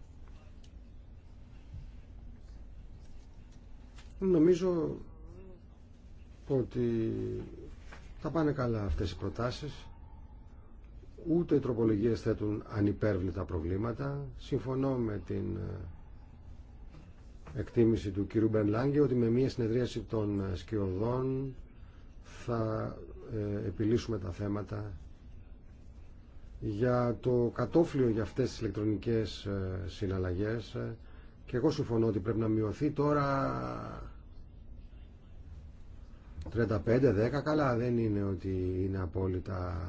Νομίζω ότι θα πάνε καλά αυτές οι προτάσεις. Ούτε οι τροπολογίες θέτουν ανυπέρβλητα προβλήματα. Συμφωνώ με την ε, εκτίμηση του κύριου Μπενλάγκε ότι με μια συνεδρίαση των ε, σκιωδών θα ε, επιλύσουμε τα θέματα για το κατόφλιο για αυτές τις ηλεκτρονικές συναλλαγές και εγώ συμφωνώ ότι πρέπει να μειωθεί τώρα 35, 10, καλά δεν είναι ότι είναι απόλυτα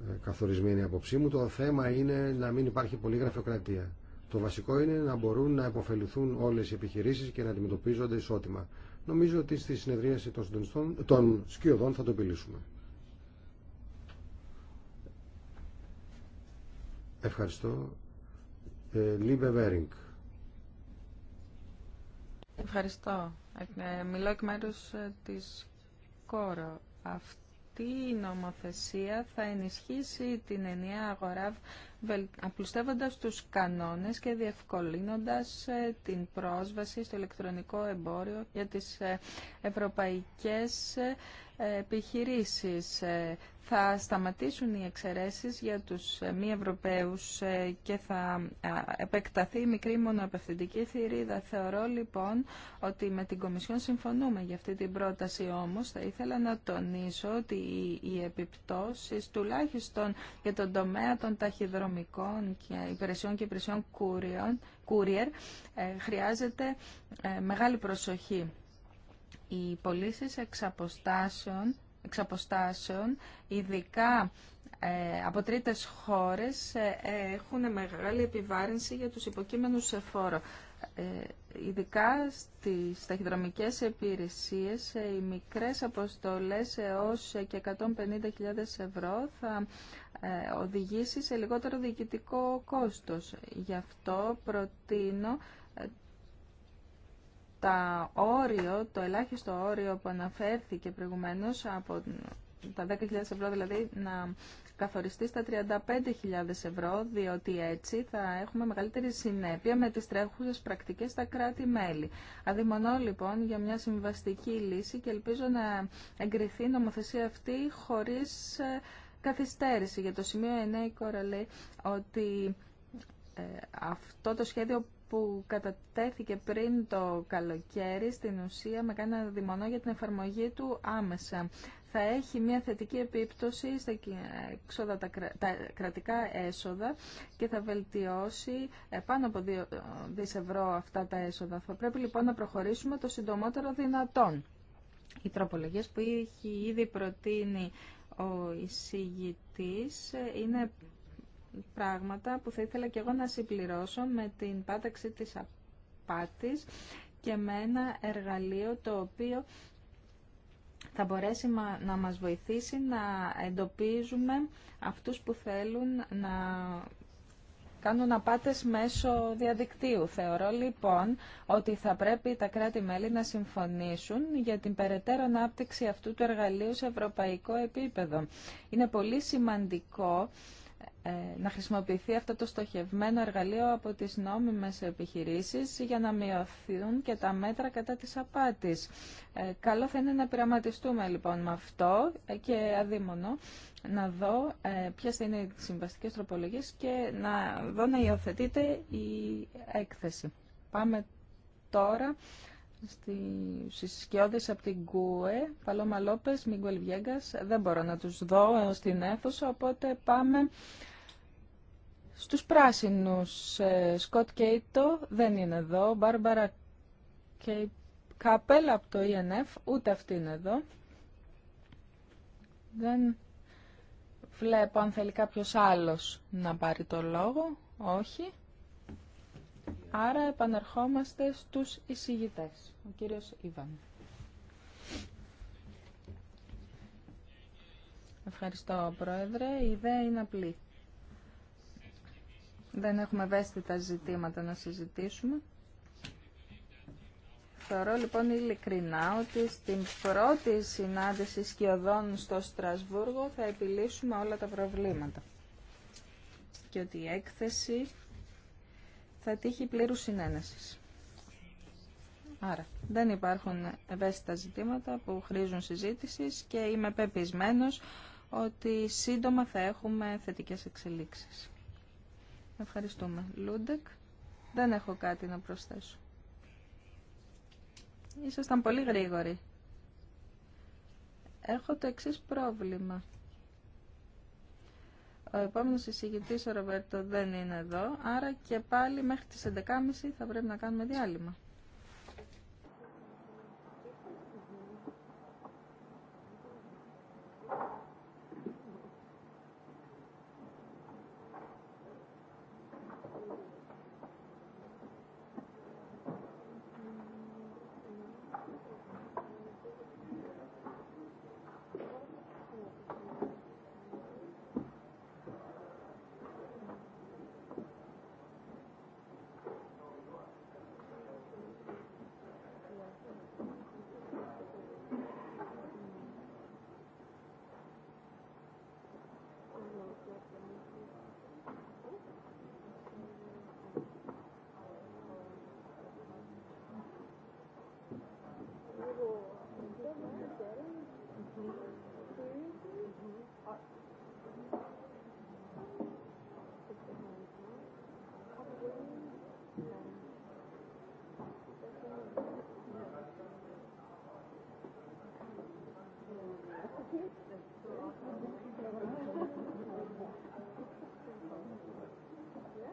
ε, καθορισμένη η απόψή μου. Το θέμα είναι να μην υπάρχει πολλή γραφειοκρατία. Το βασικό είναι να μπορούν να υποφεληθούν όλες οι επιχειρήσεις και να αντιμετωπίζονται ισότιμα. Νομίζω ότι στη συνεδρίαση των, συντονιστών, σκιωδών θα το επιλύσουμε. Ευχαριστώ. Ε, Λίμπε Βέρινγκ. Ευχαριστώ. Ε, μιλώ εκ μέρους ε, της Κόρο. Αυτή η νομοθεσία θα ενισχύσει την ενιαία αγορά απλουστεύοντας τους κανόνες και διευκολύνοντας ε, την πρόσβαση στο ηλεκτρονικό εμπόριο για τις ευρωπαϊκές επιχειρήσεις. Ε, θα σταματήσουν οι εξαιρέσεις για τους ε, μη Ευρωπαίους ε, και θα επεκταθεί η μικρή μονοαπευθυντική θηρίδα. Θεωρώ λοιπόν ότι με την Κομισιόν συμφωνούμε για αυτή την πρόταση όμως θα ήθελα να τονίσω ότι οι επιπτώσεις τουλάχιστον για τον τομέα των ταχυδρομικών και υπηρεσιών και υπηρεσιών courier χρειάζεται μεγάλη προσοχή. Οι πωλήσει εξ αποστάσεων, εξ ειδικά ε, από τρίτες χώρες ε, έχουν μεγάλη επιβάρυνση για τους υποκείμενους σε φόρο. Ε, ειδικά στις ταχυδρομικές υπηρεσίες, οι μικρές αποστολές έως και 150.000 ευρώ θα οδηγήσει σε λιγότερο διοικητικό κόστος. Γι' αυτό προτείνω τα όριο, το ελάχιστο όριο που αναφέρθηκε προηγουμένως από τα 10.000 ευρώ δηλαδή να καθοριστεί στα 35.000 ευρώ διότι έτσι θα έχουμε μεγαλύτερη συνέπεια με τις τρέχουσες πρακτικές στα κράτη-μέλη. Αδειμονώ λοιπόν για μια συμβαστική λύση και ελπίζω να εγκριθεί η νομοθεσία αυτή χωρίς ε, καθυστέρηση. Για το σημείο 9 η Κόρα λέει ότι ε, αυτό το σχέδιο που κατατέθηκε πριν το καλοκαίρι στην ουσία με κάνει ένα για την εφαρμογή του άμεσα. Θα έχει μια θετική επίπτωση στα εξόδα, τα κρατικά έσοδα και θα βελτιώσει ε, πάνω από 2 δις αυτά τα έσοδα. Θα πρέπει λοιπόν να προχωρήσουμε το συντομότερο δυνατόν. Οι τροπολογίε που έχει ήδη προτείνει ο εισηγητής ε, είναι πράγματα που θα ήθελα και εγώ να συμπληρώσω με την πάταξη της απάτης και με ένα εργαλείο το οποίο θα μπορέσει να μας βοηθήσει να εντοπίζουμε αυτούς που θέλουν να κάνουν απάτες μέσω διαδικτύου. Θεωρώ λοιπόν ότι θα πρέπει τα κράτη-μέλη να συμφωνήσουν για την περαιτέρω ανάπτυξη αυτού του εργαλείου σε ευρωπαϊκό επίπεδο. Είναι πολύ σημαντικό ε, να χρησιμοποιηθεί αυτό το στοχευμένο εργαλείο από τις νόμιμες επιχειρήσεις για να μειωθούν και τα μέτρα κατά της απάτης. Ε, καλό θα είναι να πειραματιστούμε λοιπόν με αυτό και αδίμονο να δω ε, ποιες είναι οι συμβαστικές τροπολογίες και να δω να υιοθετείται η έκθεση. Πάμε τώρα στις σκιώδες από την ΚΟΕ, Παλώμα Λόπες, Μίγκουελ Βιέγκας. Δεν μπορώ να τους δω στην αίθουσα, οπότε πάμε στους πράσινους. Ε, Σκοτ Κέιτο δεν είναι εδώ, Μπάρμπαρα Κάπελ από το ΙΕΝΕΦ, e ούτε αυτή είναι εδώ. Δεν βλέπω αν θέλει κάποιος άλλος να πάρει το λόγο, όχι. Άρα επαναρχόμαστε στους εισηγητές. Ο κύριος Ιβάν. Ευχαριστώ, Πρόεδρε. Η ιδέα είναι απλή. Δεν έχουμε τα ζητήματα να συζητήσουμε. Θεωρώ λοιπόν ειλικρινά ότι στην πρώτη συνάντηση σκιωδών στο Στρασβούργο θα επιλύσουμε όλα τα προβλήματα. Και ότι η έκθεση θα τύχει πλήρους συνένεσης. Άρα, δεν υπάρχουν ευαίσθητα ζητήματα που χρήζουν συζήτησης και είμαι πεπισμένος ότι σύντομα θα έχουμε θετικές εξελίξεις. Ευχαριστούμε. Λούντεκ, δεν έχω κάτι να προσθέσω. Ήσασταν πολύ γρήγοροι. Έχω το εξής πρόβλημα. Ο επόμενος εισηγητής, ο Ροβέρτο, δεν είναι εδώ, άρα και πάλι μέχρι τις 11.30 θα πρέπει να κάνουμε διάλειμμα.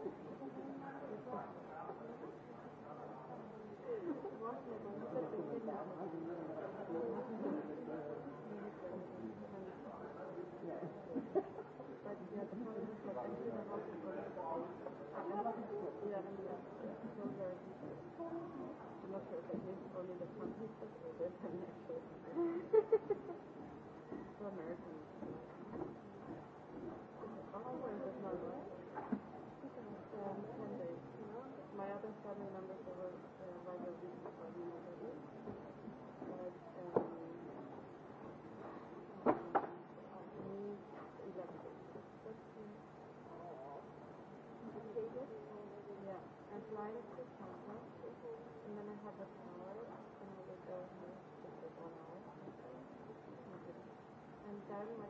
Thank you. and then I have a flower, and I will go to the And then my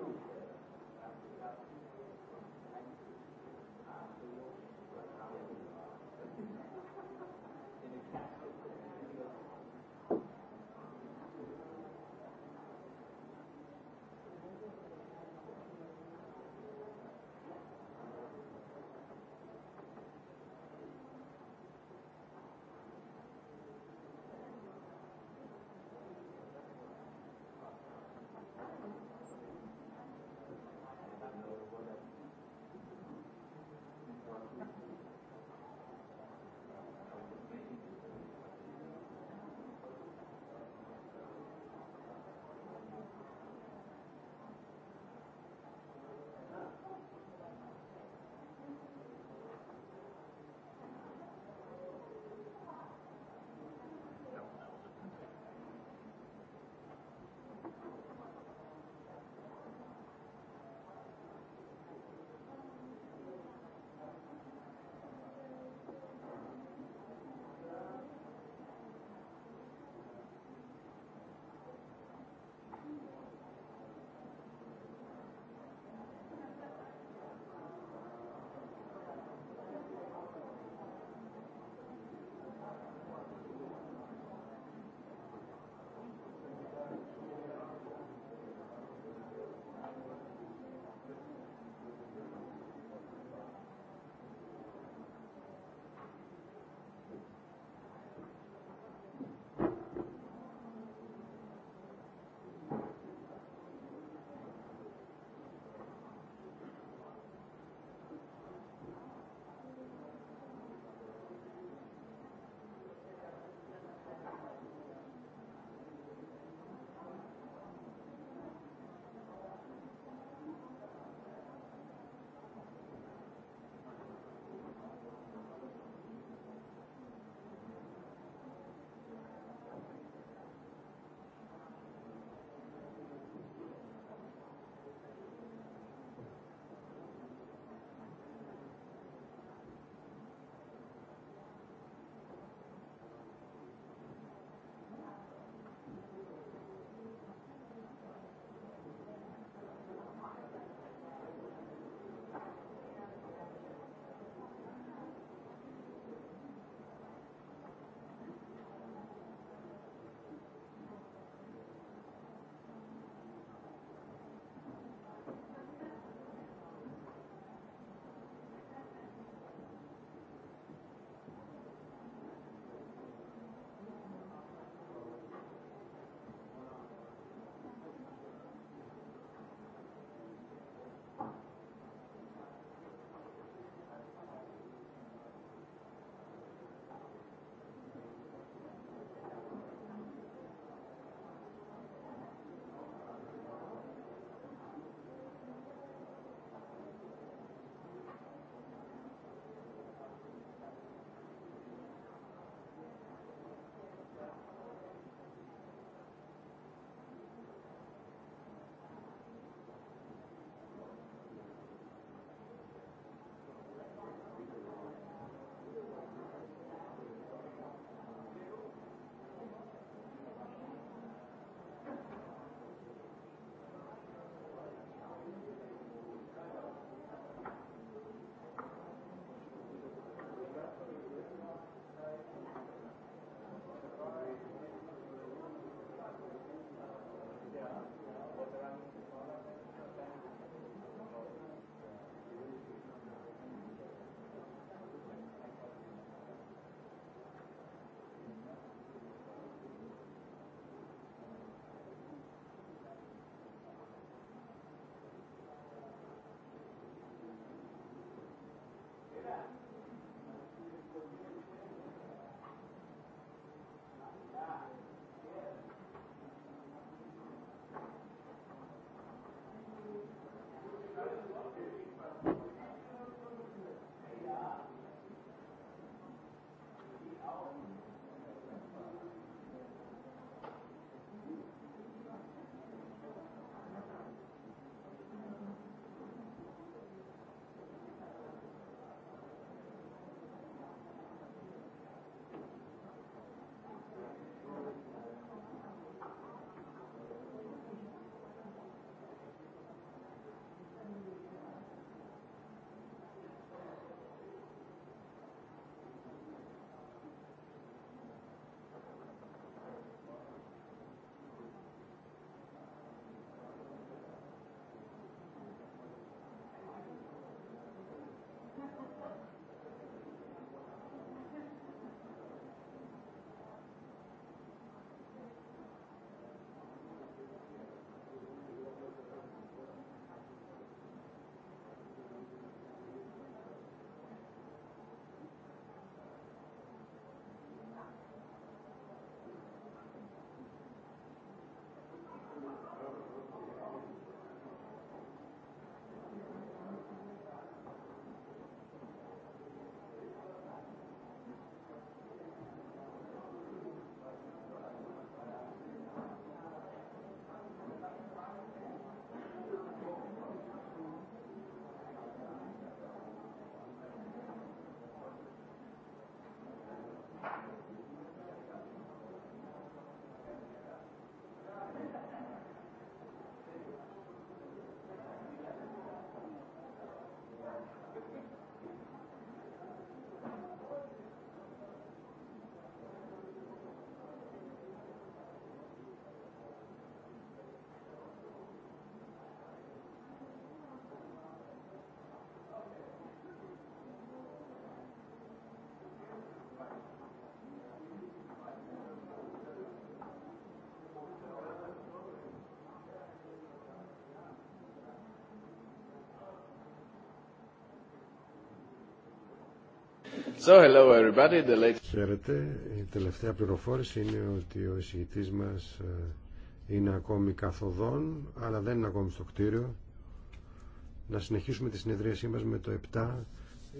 Thank you. So, hello everybody. The Χαίρετε. Η τελευταία πληροφόρηση είναι ότι ο εισηγητής μας ε, είναι ακόμη καθοδόν, αλλά δεν είναι ακόμη στο κτίριο. Να συνεχίσουμε τη συνεδρίασή μας με το 7,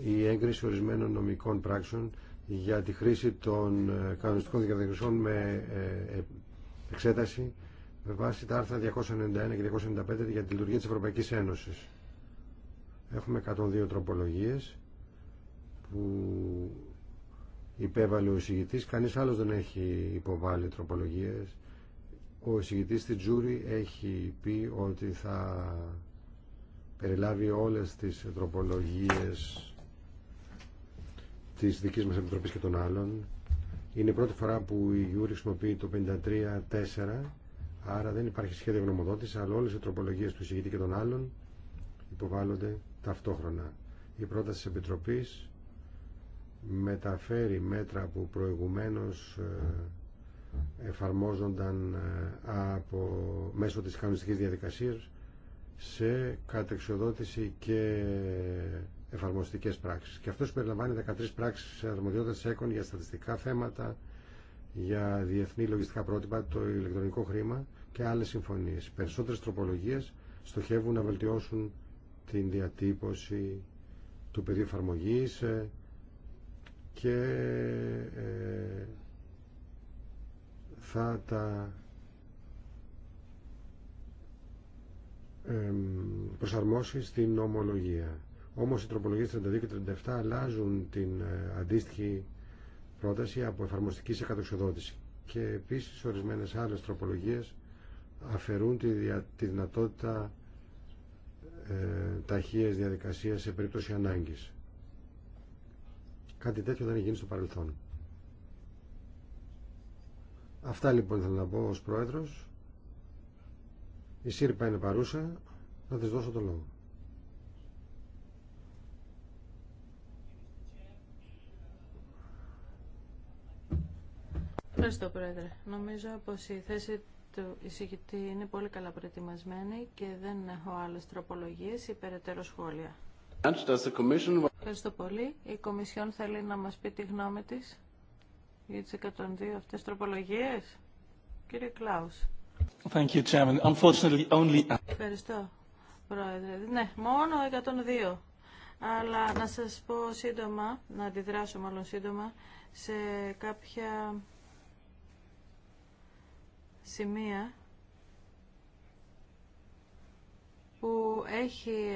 η έγκριση ορισμένων νομικών πράξεων για τη χρήση των ε, κανονιστικών διαδικασιών με ε, εξέταση με βάση τα άρθρα 291 και 295 για τη λειτουργία της Ευρωπαϊκής Ένωσης. Έχουμε 102 τροπολογίες που υπέβαλε ο εισηγητής. Κανείς άλλος δεν έχει υποβάλει τροπολογίες. Ο εισηγητής στη Τζούρι έχει πει ότι θα περιλάβει όλες τις τροπολογίες της δικής μας Επιτροπής και των άλλων. Είναι η πρώτη φορά που η Γιούρη χρησιμοποιεί το 53-4, άρα δεν υπάρχει σχέδιο γνωμοδότηση, αλλά όλες οι τροπολογίε του εισηγητή και των άλλων υποβάλλονται ταυτόχρονα. Η πρόταση τη Επιτροπής μεταφέρει μέτρα που προηγουμένως ε, εφαρμόζονταν ε, από, μέσω της κανονιστικής διαδικασίας σε κατεξοδότηση και εφαρμοστικές πράξεις. Και αυτό περιλαμβάνει 13 πράξεις αρμοδιότητας έκον για στατιστικά θέματα, για διεθνή λογιστικά πρότυπα, το ηλεκτρονικό χρήμα και άλλες συμφωνίες. Οι περισσότερες τροπολογίες στοχεύουν να βελτιώσουν την διατύπωση του πεδίου εφαρμογή ε, και ε, θα τα προσαρμόσει στην ομολογία. Όμως οι τροπολογίες 32 και 37 αλλάζουν την ε, αντίστοιχη πρόταση από εφαρμοστική σε κατοξιδότηση. Και επίσης ορισμένες άλλες τροπολογίες αφαιρούν τη, δυνατότητα ε, ταχείας διαδικασίας σε περίπτωση ανάγκης. Κάτι τέτοιο δεν έχει γίνει στο παρελθόν. Αυτά λοιπόν θέλω να πω ως Πρόεδρος. Η ΣΥΡΠΑ είναι παρούσα. Να τη δώσω το λόγο. Ευχαριστώ Πρόεδρε. Νομίζω πως η θέση του εισηγητή είναι πολύ καλά προετοιμασμένη και δεν έχω άλλες τροπολογίες ή περαιτέρω σχόλια. Ευχαριστώ πολύ. Η Κομισιόν θέλει να μας πει τη γνώμη της για τις 102 αυτές τροπολογίες. Κύριε Κλάους. Ευχαριστώ, Πρόεδρε. Ναι, μόνο 102. Αλλά να σας πω σύντομα, να αντιδράσω μάλλον σύντομα, σε κάποια σημεία που έχει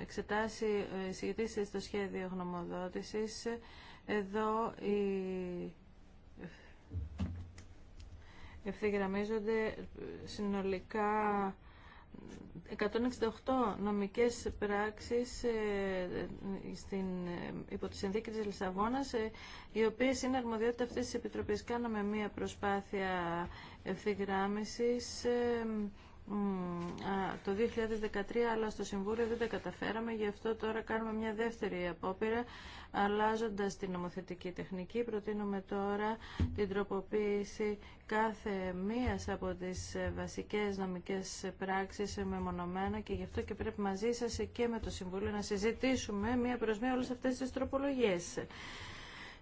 εξετάσει ε, συγκεκριτή στο σχέδιο γνωμοδότησης. Εδώ η ευθυγραμμίζονται συνολικά 168 νομικές πράξεις ε, στην, ε, υπό τη συνθήκη της Λισαβόνας, οι οποίες είναι αρμοδιότητα αυτής της Επιτροπής. Κάναμε μία προσπάθεια ευθυγράμμισης το 2013 αλλά στο Συμβούλιο δεν τα καταφέραμε γι' αυτό τώρα κάνουμε μια δεύτερη απόπειρα αλλάζοντας την νομοθετική τεχνική προτείνουμε τώρα την τροποποίηση κάθε μίας από τις βασικές νομικές πράξεις μεμονωμένα και γι' αυτό και πρέπει μαζί σας και με το Συμβούλιο να συζητήσουμε μία προς μία όλες αυτές τις τροπολογίες.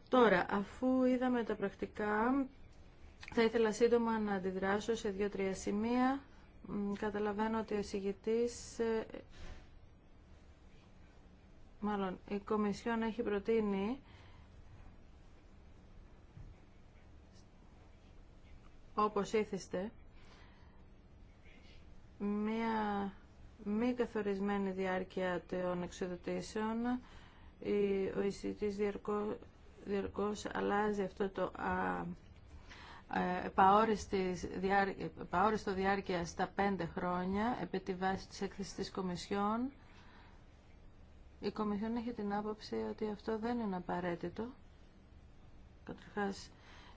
Τώρα, αφού είδαμε τα πρακτικά, θα ήθελα σύντομα να αντιδράσω σε δύο-τρία σημεία Καταλαβαίνω ότι ο εισηγητής, ε, μάλλον η Κομισιόν έχει προτείνει όπως ήθιστε, μία μη καθορισμένη διάρκεια των εξοδοτήσεων. Ο εισηγητής διαρκώς, διαρκώς αλλάζει αυτό το α, επαόριστο διάρκεια στα πέντε χρόνια επί τη βάση της έκθεσης της Κομισιόν. Η Κομισιόν έχει την άποψη ότι αυτό δεν είναι απαραίτητο. Καταρχάς,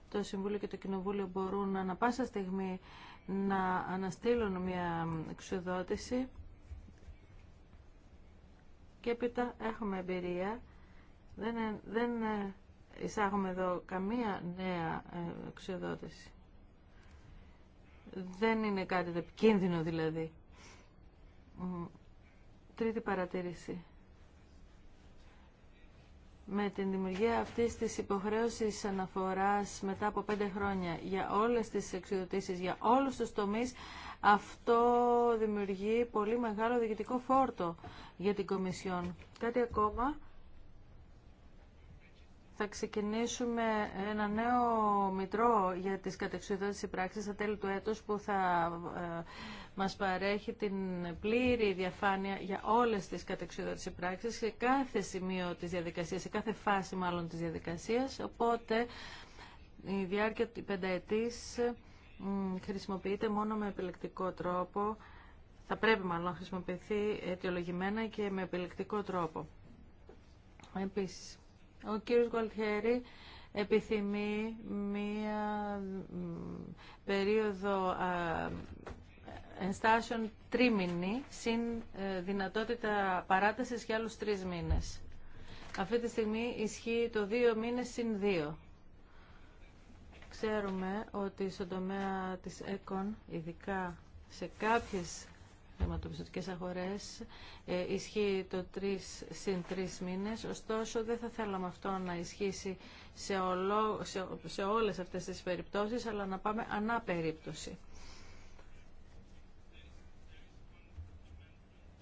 το Συμβούλιο και το Κοινοβούλιο μπορούν ανα πάσα στιγμή να αναστείλουν μια εξουδότηση και έπειτα έχουμε εμπειρία. Δεν, ε, δεν ε, εισάγουμε εδώ καμία νέα ε, αξιοδότηση. Δεν είναι κάτι το επικίνδυνο δηλαδή. Τρίτη παρατήρηση. Με την δημιουργία αυτής της υποχρέωσης αναφοράς μετά από πέντε χρόνια για όλες τις εξοδοτήσεις, για όλους τους τομείς, αυτό δημιουργεί πολύ μεγάλο διοικητικό φόρτο για την Κομισιόν. Κάτι ακόμα θα ξεκινήσουμε ένα νέο μητρό για τις κατεξιδότητες πράξεις στα τέλη του έτους που θα ε, μας παρέχει την πλήρη διαφάνεια για όλες τις κατεξιδότητες πράξεις σε κάθε σημείο της διαδικασίας, σε κάθε φάση μάλλον της διαδικασίας. Οπότε η διάρκεια πενταετής χρησιμοποιείται μόνο με επιλεκτικό τρόπο θα πρέπει μάλλον να χρησιμοποιηθεί αιτιολογημένα και με επιλεκτικό τρόπο. Επίσης, ο κύριος Γκολτιέρη επιθυμεί μία περίοδο ενστάσεων τρίμηνη συν ε, δυνατότητα παράτασης για άλλους τρεις μήνες. Αυτή τη στιγμή ισχύει το δύο μήνες συν δύο. Ξέρουμε ότι στον τομέα της ΕΚΟΝ, ειδικά σε κάποιες χρηματοπιστωτικές αγορές ε, ισχύει το 3 συν 3 μήνες, ωστόσο δεν θα θέλαμε αυτό να ισχύσει σε, ολο, σε, σε όλες αυτές τις περιπτώσεις, αλλά να πάμε ανά περίπτωση.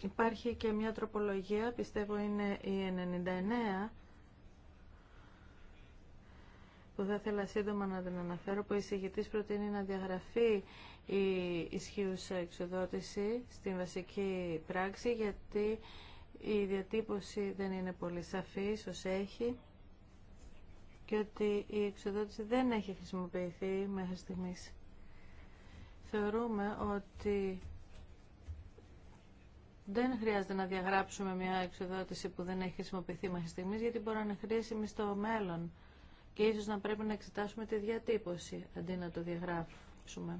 Υπάρχει και μια τροπολογία, πιστεύω είναι η 99, που θα ήθελα σύντομα να την αναφέρω, που η εισηγητής προτείνει να διαγραφεί η ισχύουσα εξοδότηση στην βασική πράξη, γιατί η διατύπωση δεν είναι πολύ σαφής ως έχει και ότι η εξοδότηση δεν έχει χρησιμοποιηθεί μέχρι στιγμής. Θεωρούμε ότι δεν χρειάζεται να διαγράψουμε μια εξοδότηση που δεν έχει χρησιμοποιηθεί μέχρι στιγμής, γιατί μπορεί να είναι χρήσιμη στο μέλλον και ίσως να πρέπει να εξετάσουμε τη διατύπωση αντί να το διαγράψουμε.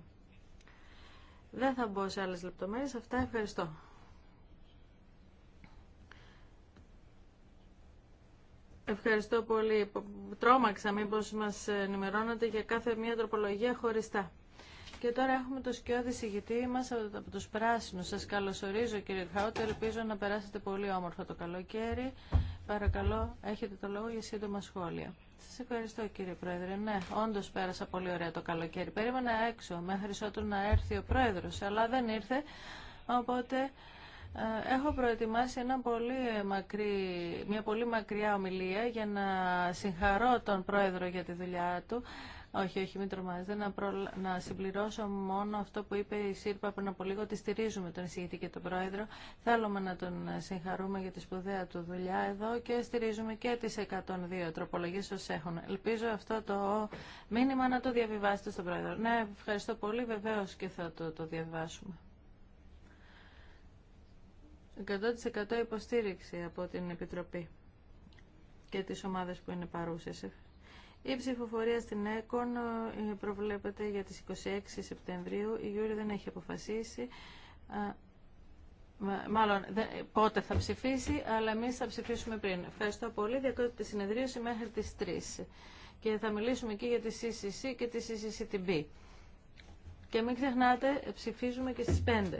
Δεν θα μπω σε άλλες λεπτομέρειες. Αυτά ευχαριστώ. Ευχαριστώ πολύ. Τρόμαξα μήπως μας ενημερώνατε για κάθε μία τροπολογία χωριστά. Και τώρα έχουμε το σκιώδη συγητή μας από τους πράσινους. Σας καλωσορίζω κύριε Χάουτ. Ελπίζω να περάσετε πολύ όμορφα το καλοκαίρι. Παρακαλώ, έχετε το λόγο για σύντομα σχόλια. Σα ευχαριστώ κύριε Πρόεδρε. Ναι, όντως πέρασα πολύ ωραία το καλοκαίρι. Περίμενα έξω μέχρι ότου να έρθει ο Πρόεδρος, αλλά δεν ήρθε. Οπότε ε, έχω προετοιμάσει ένα πολύ μακρύ, μια πολύ μακριά ομιλία για να συγχαρώ τον Πρόεδρο για τη δουλειά του. Όχι, όχι, μην τρομάζετε. Να, να συμπληρώσω μόνο αυτό που είπε η ΣΥΡΠΑ πριν από λίγο, ότι στηρίζουμε τον εισηγητή και τον πρόεδρο. Θέλουμε να τον συγχαρούμε για τη σπουδαία του δουλειά εδώ και στηρίζουμε και τι 102 τροπολογίε όσες έχουν. Ελπίζω αυτό το μήνυμα να το διαβιβάσετε στον πρόεδρο. Ναι, ευχαριστώ πολύ. βεβαίω και θα το, το διαβάσουμε. 100% υποστήριξη από την Επιτροπή και τις ομάδες που είναι παρούσες. Η ψηφοφορία στην ΕΚΟΝ ε, προβλέπεται για τις 26 Σεπτεμβρίου. Η Γιούρη δεν έχει αποφασίσει μάλλον πότε θα ψηφίσει, αλλά εμεί θα ψηφίσουμε πριν. Ευχαριστώ πολύ. Διακόπτω τη συνεδρίωση μέχρι τις 3. Και θα μιλήσουμε εκεί για τη CCC και τη CCCTB. Και μην ξεχνάτε, ψηφίζουμε και στις 5.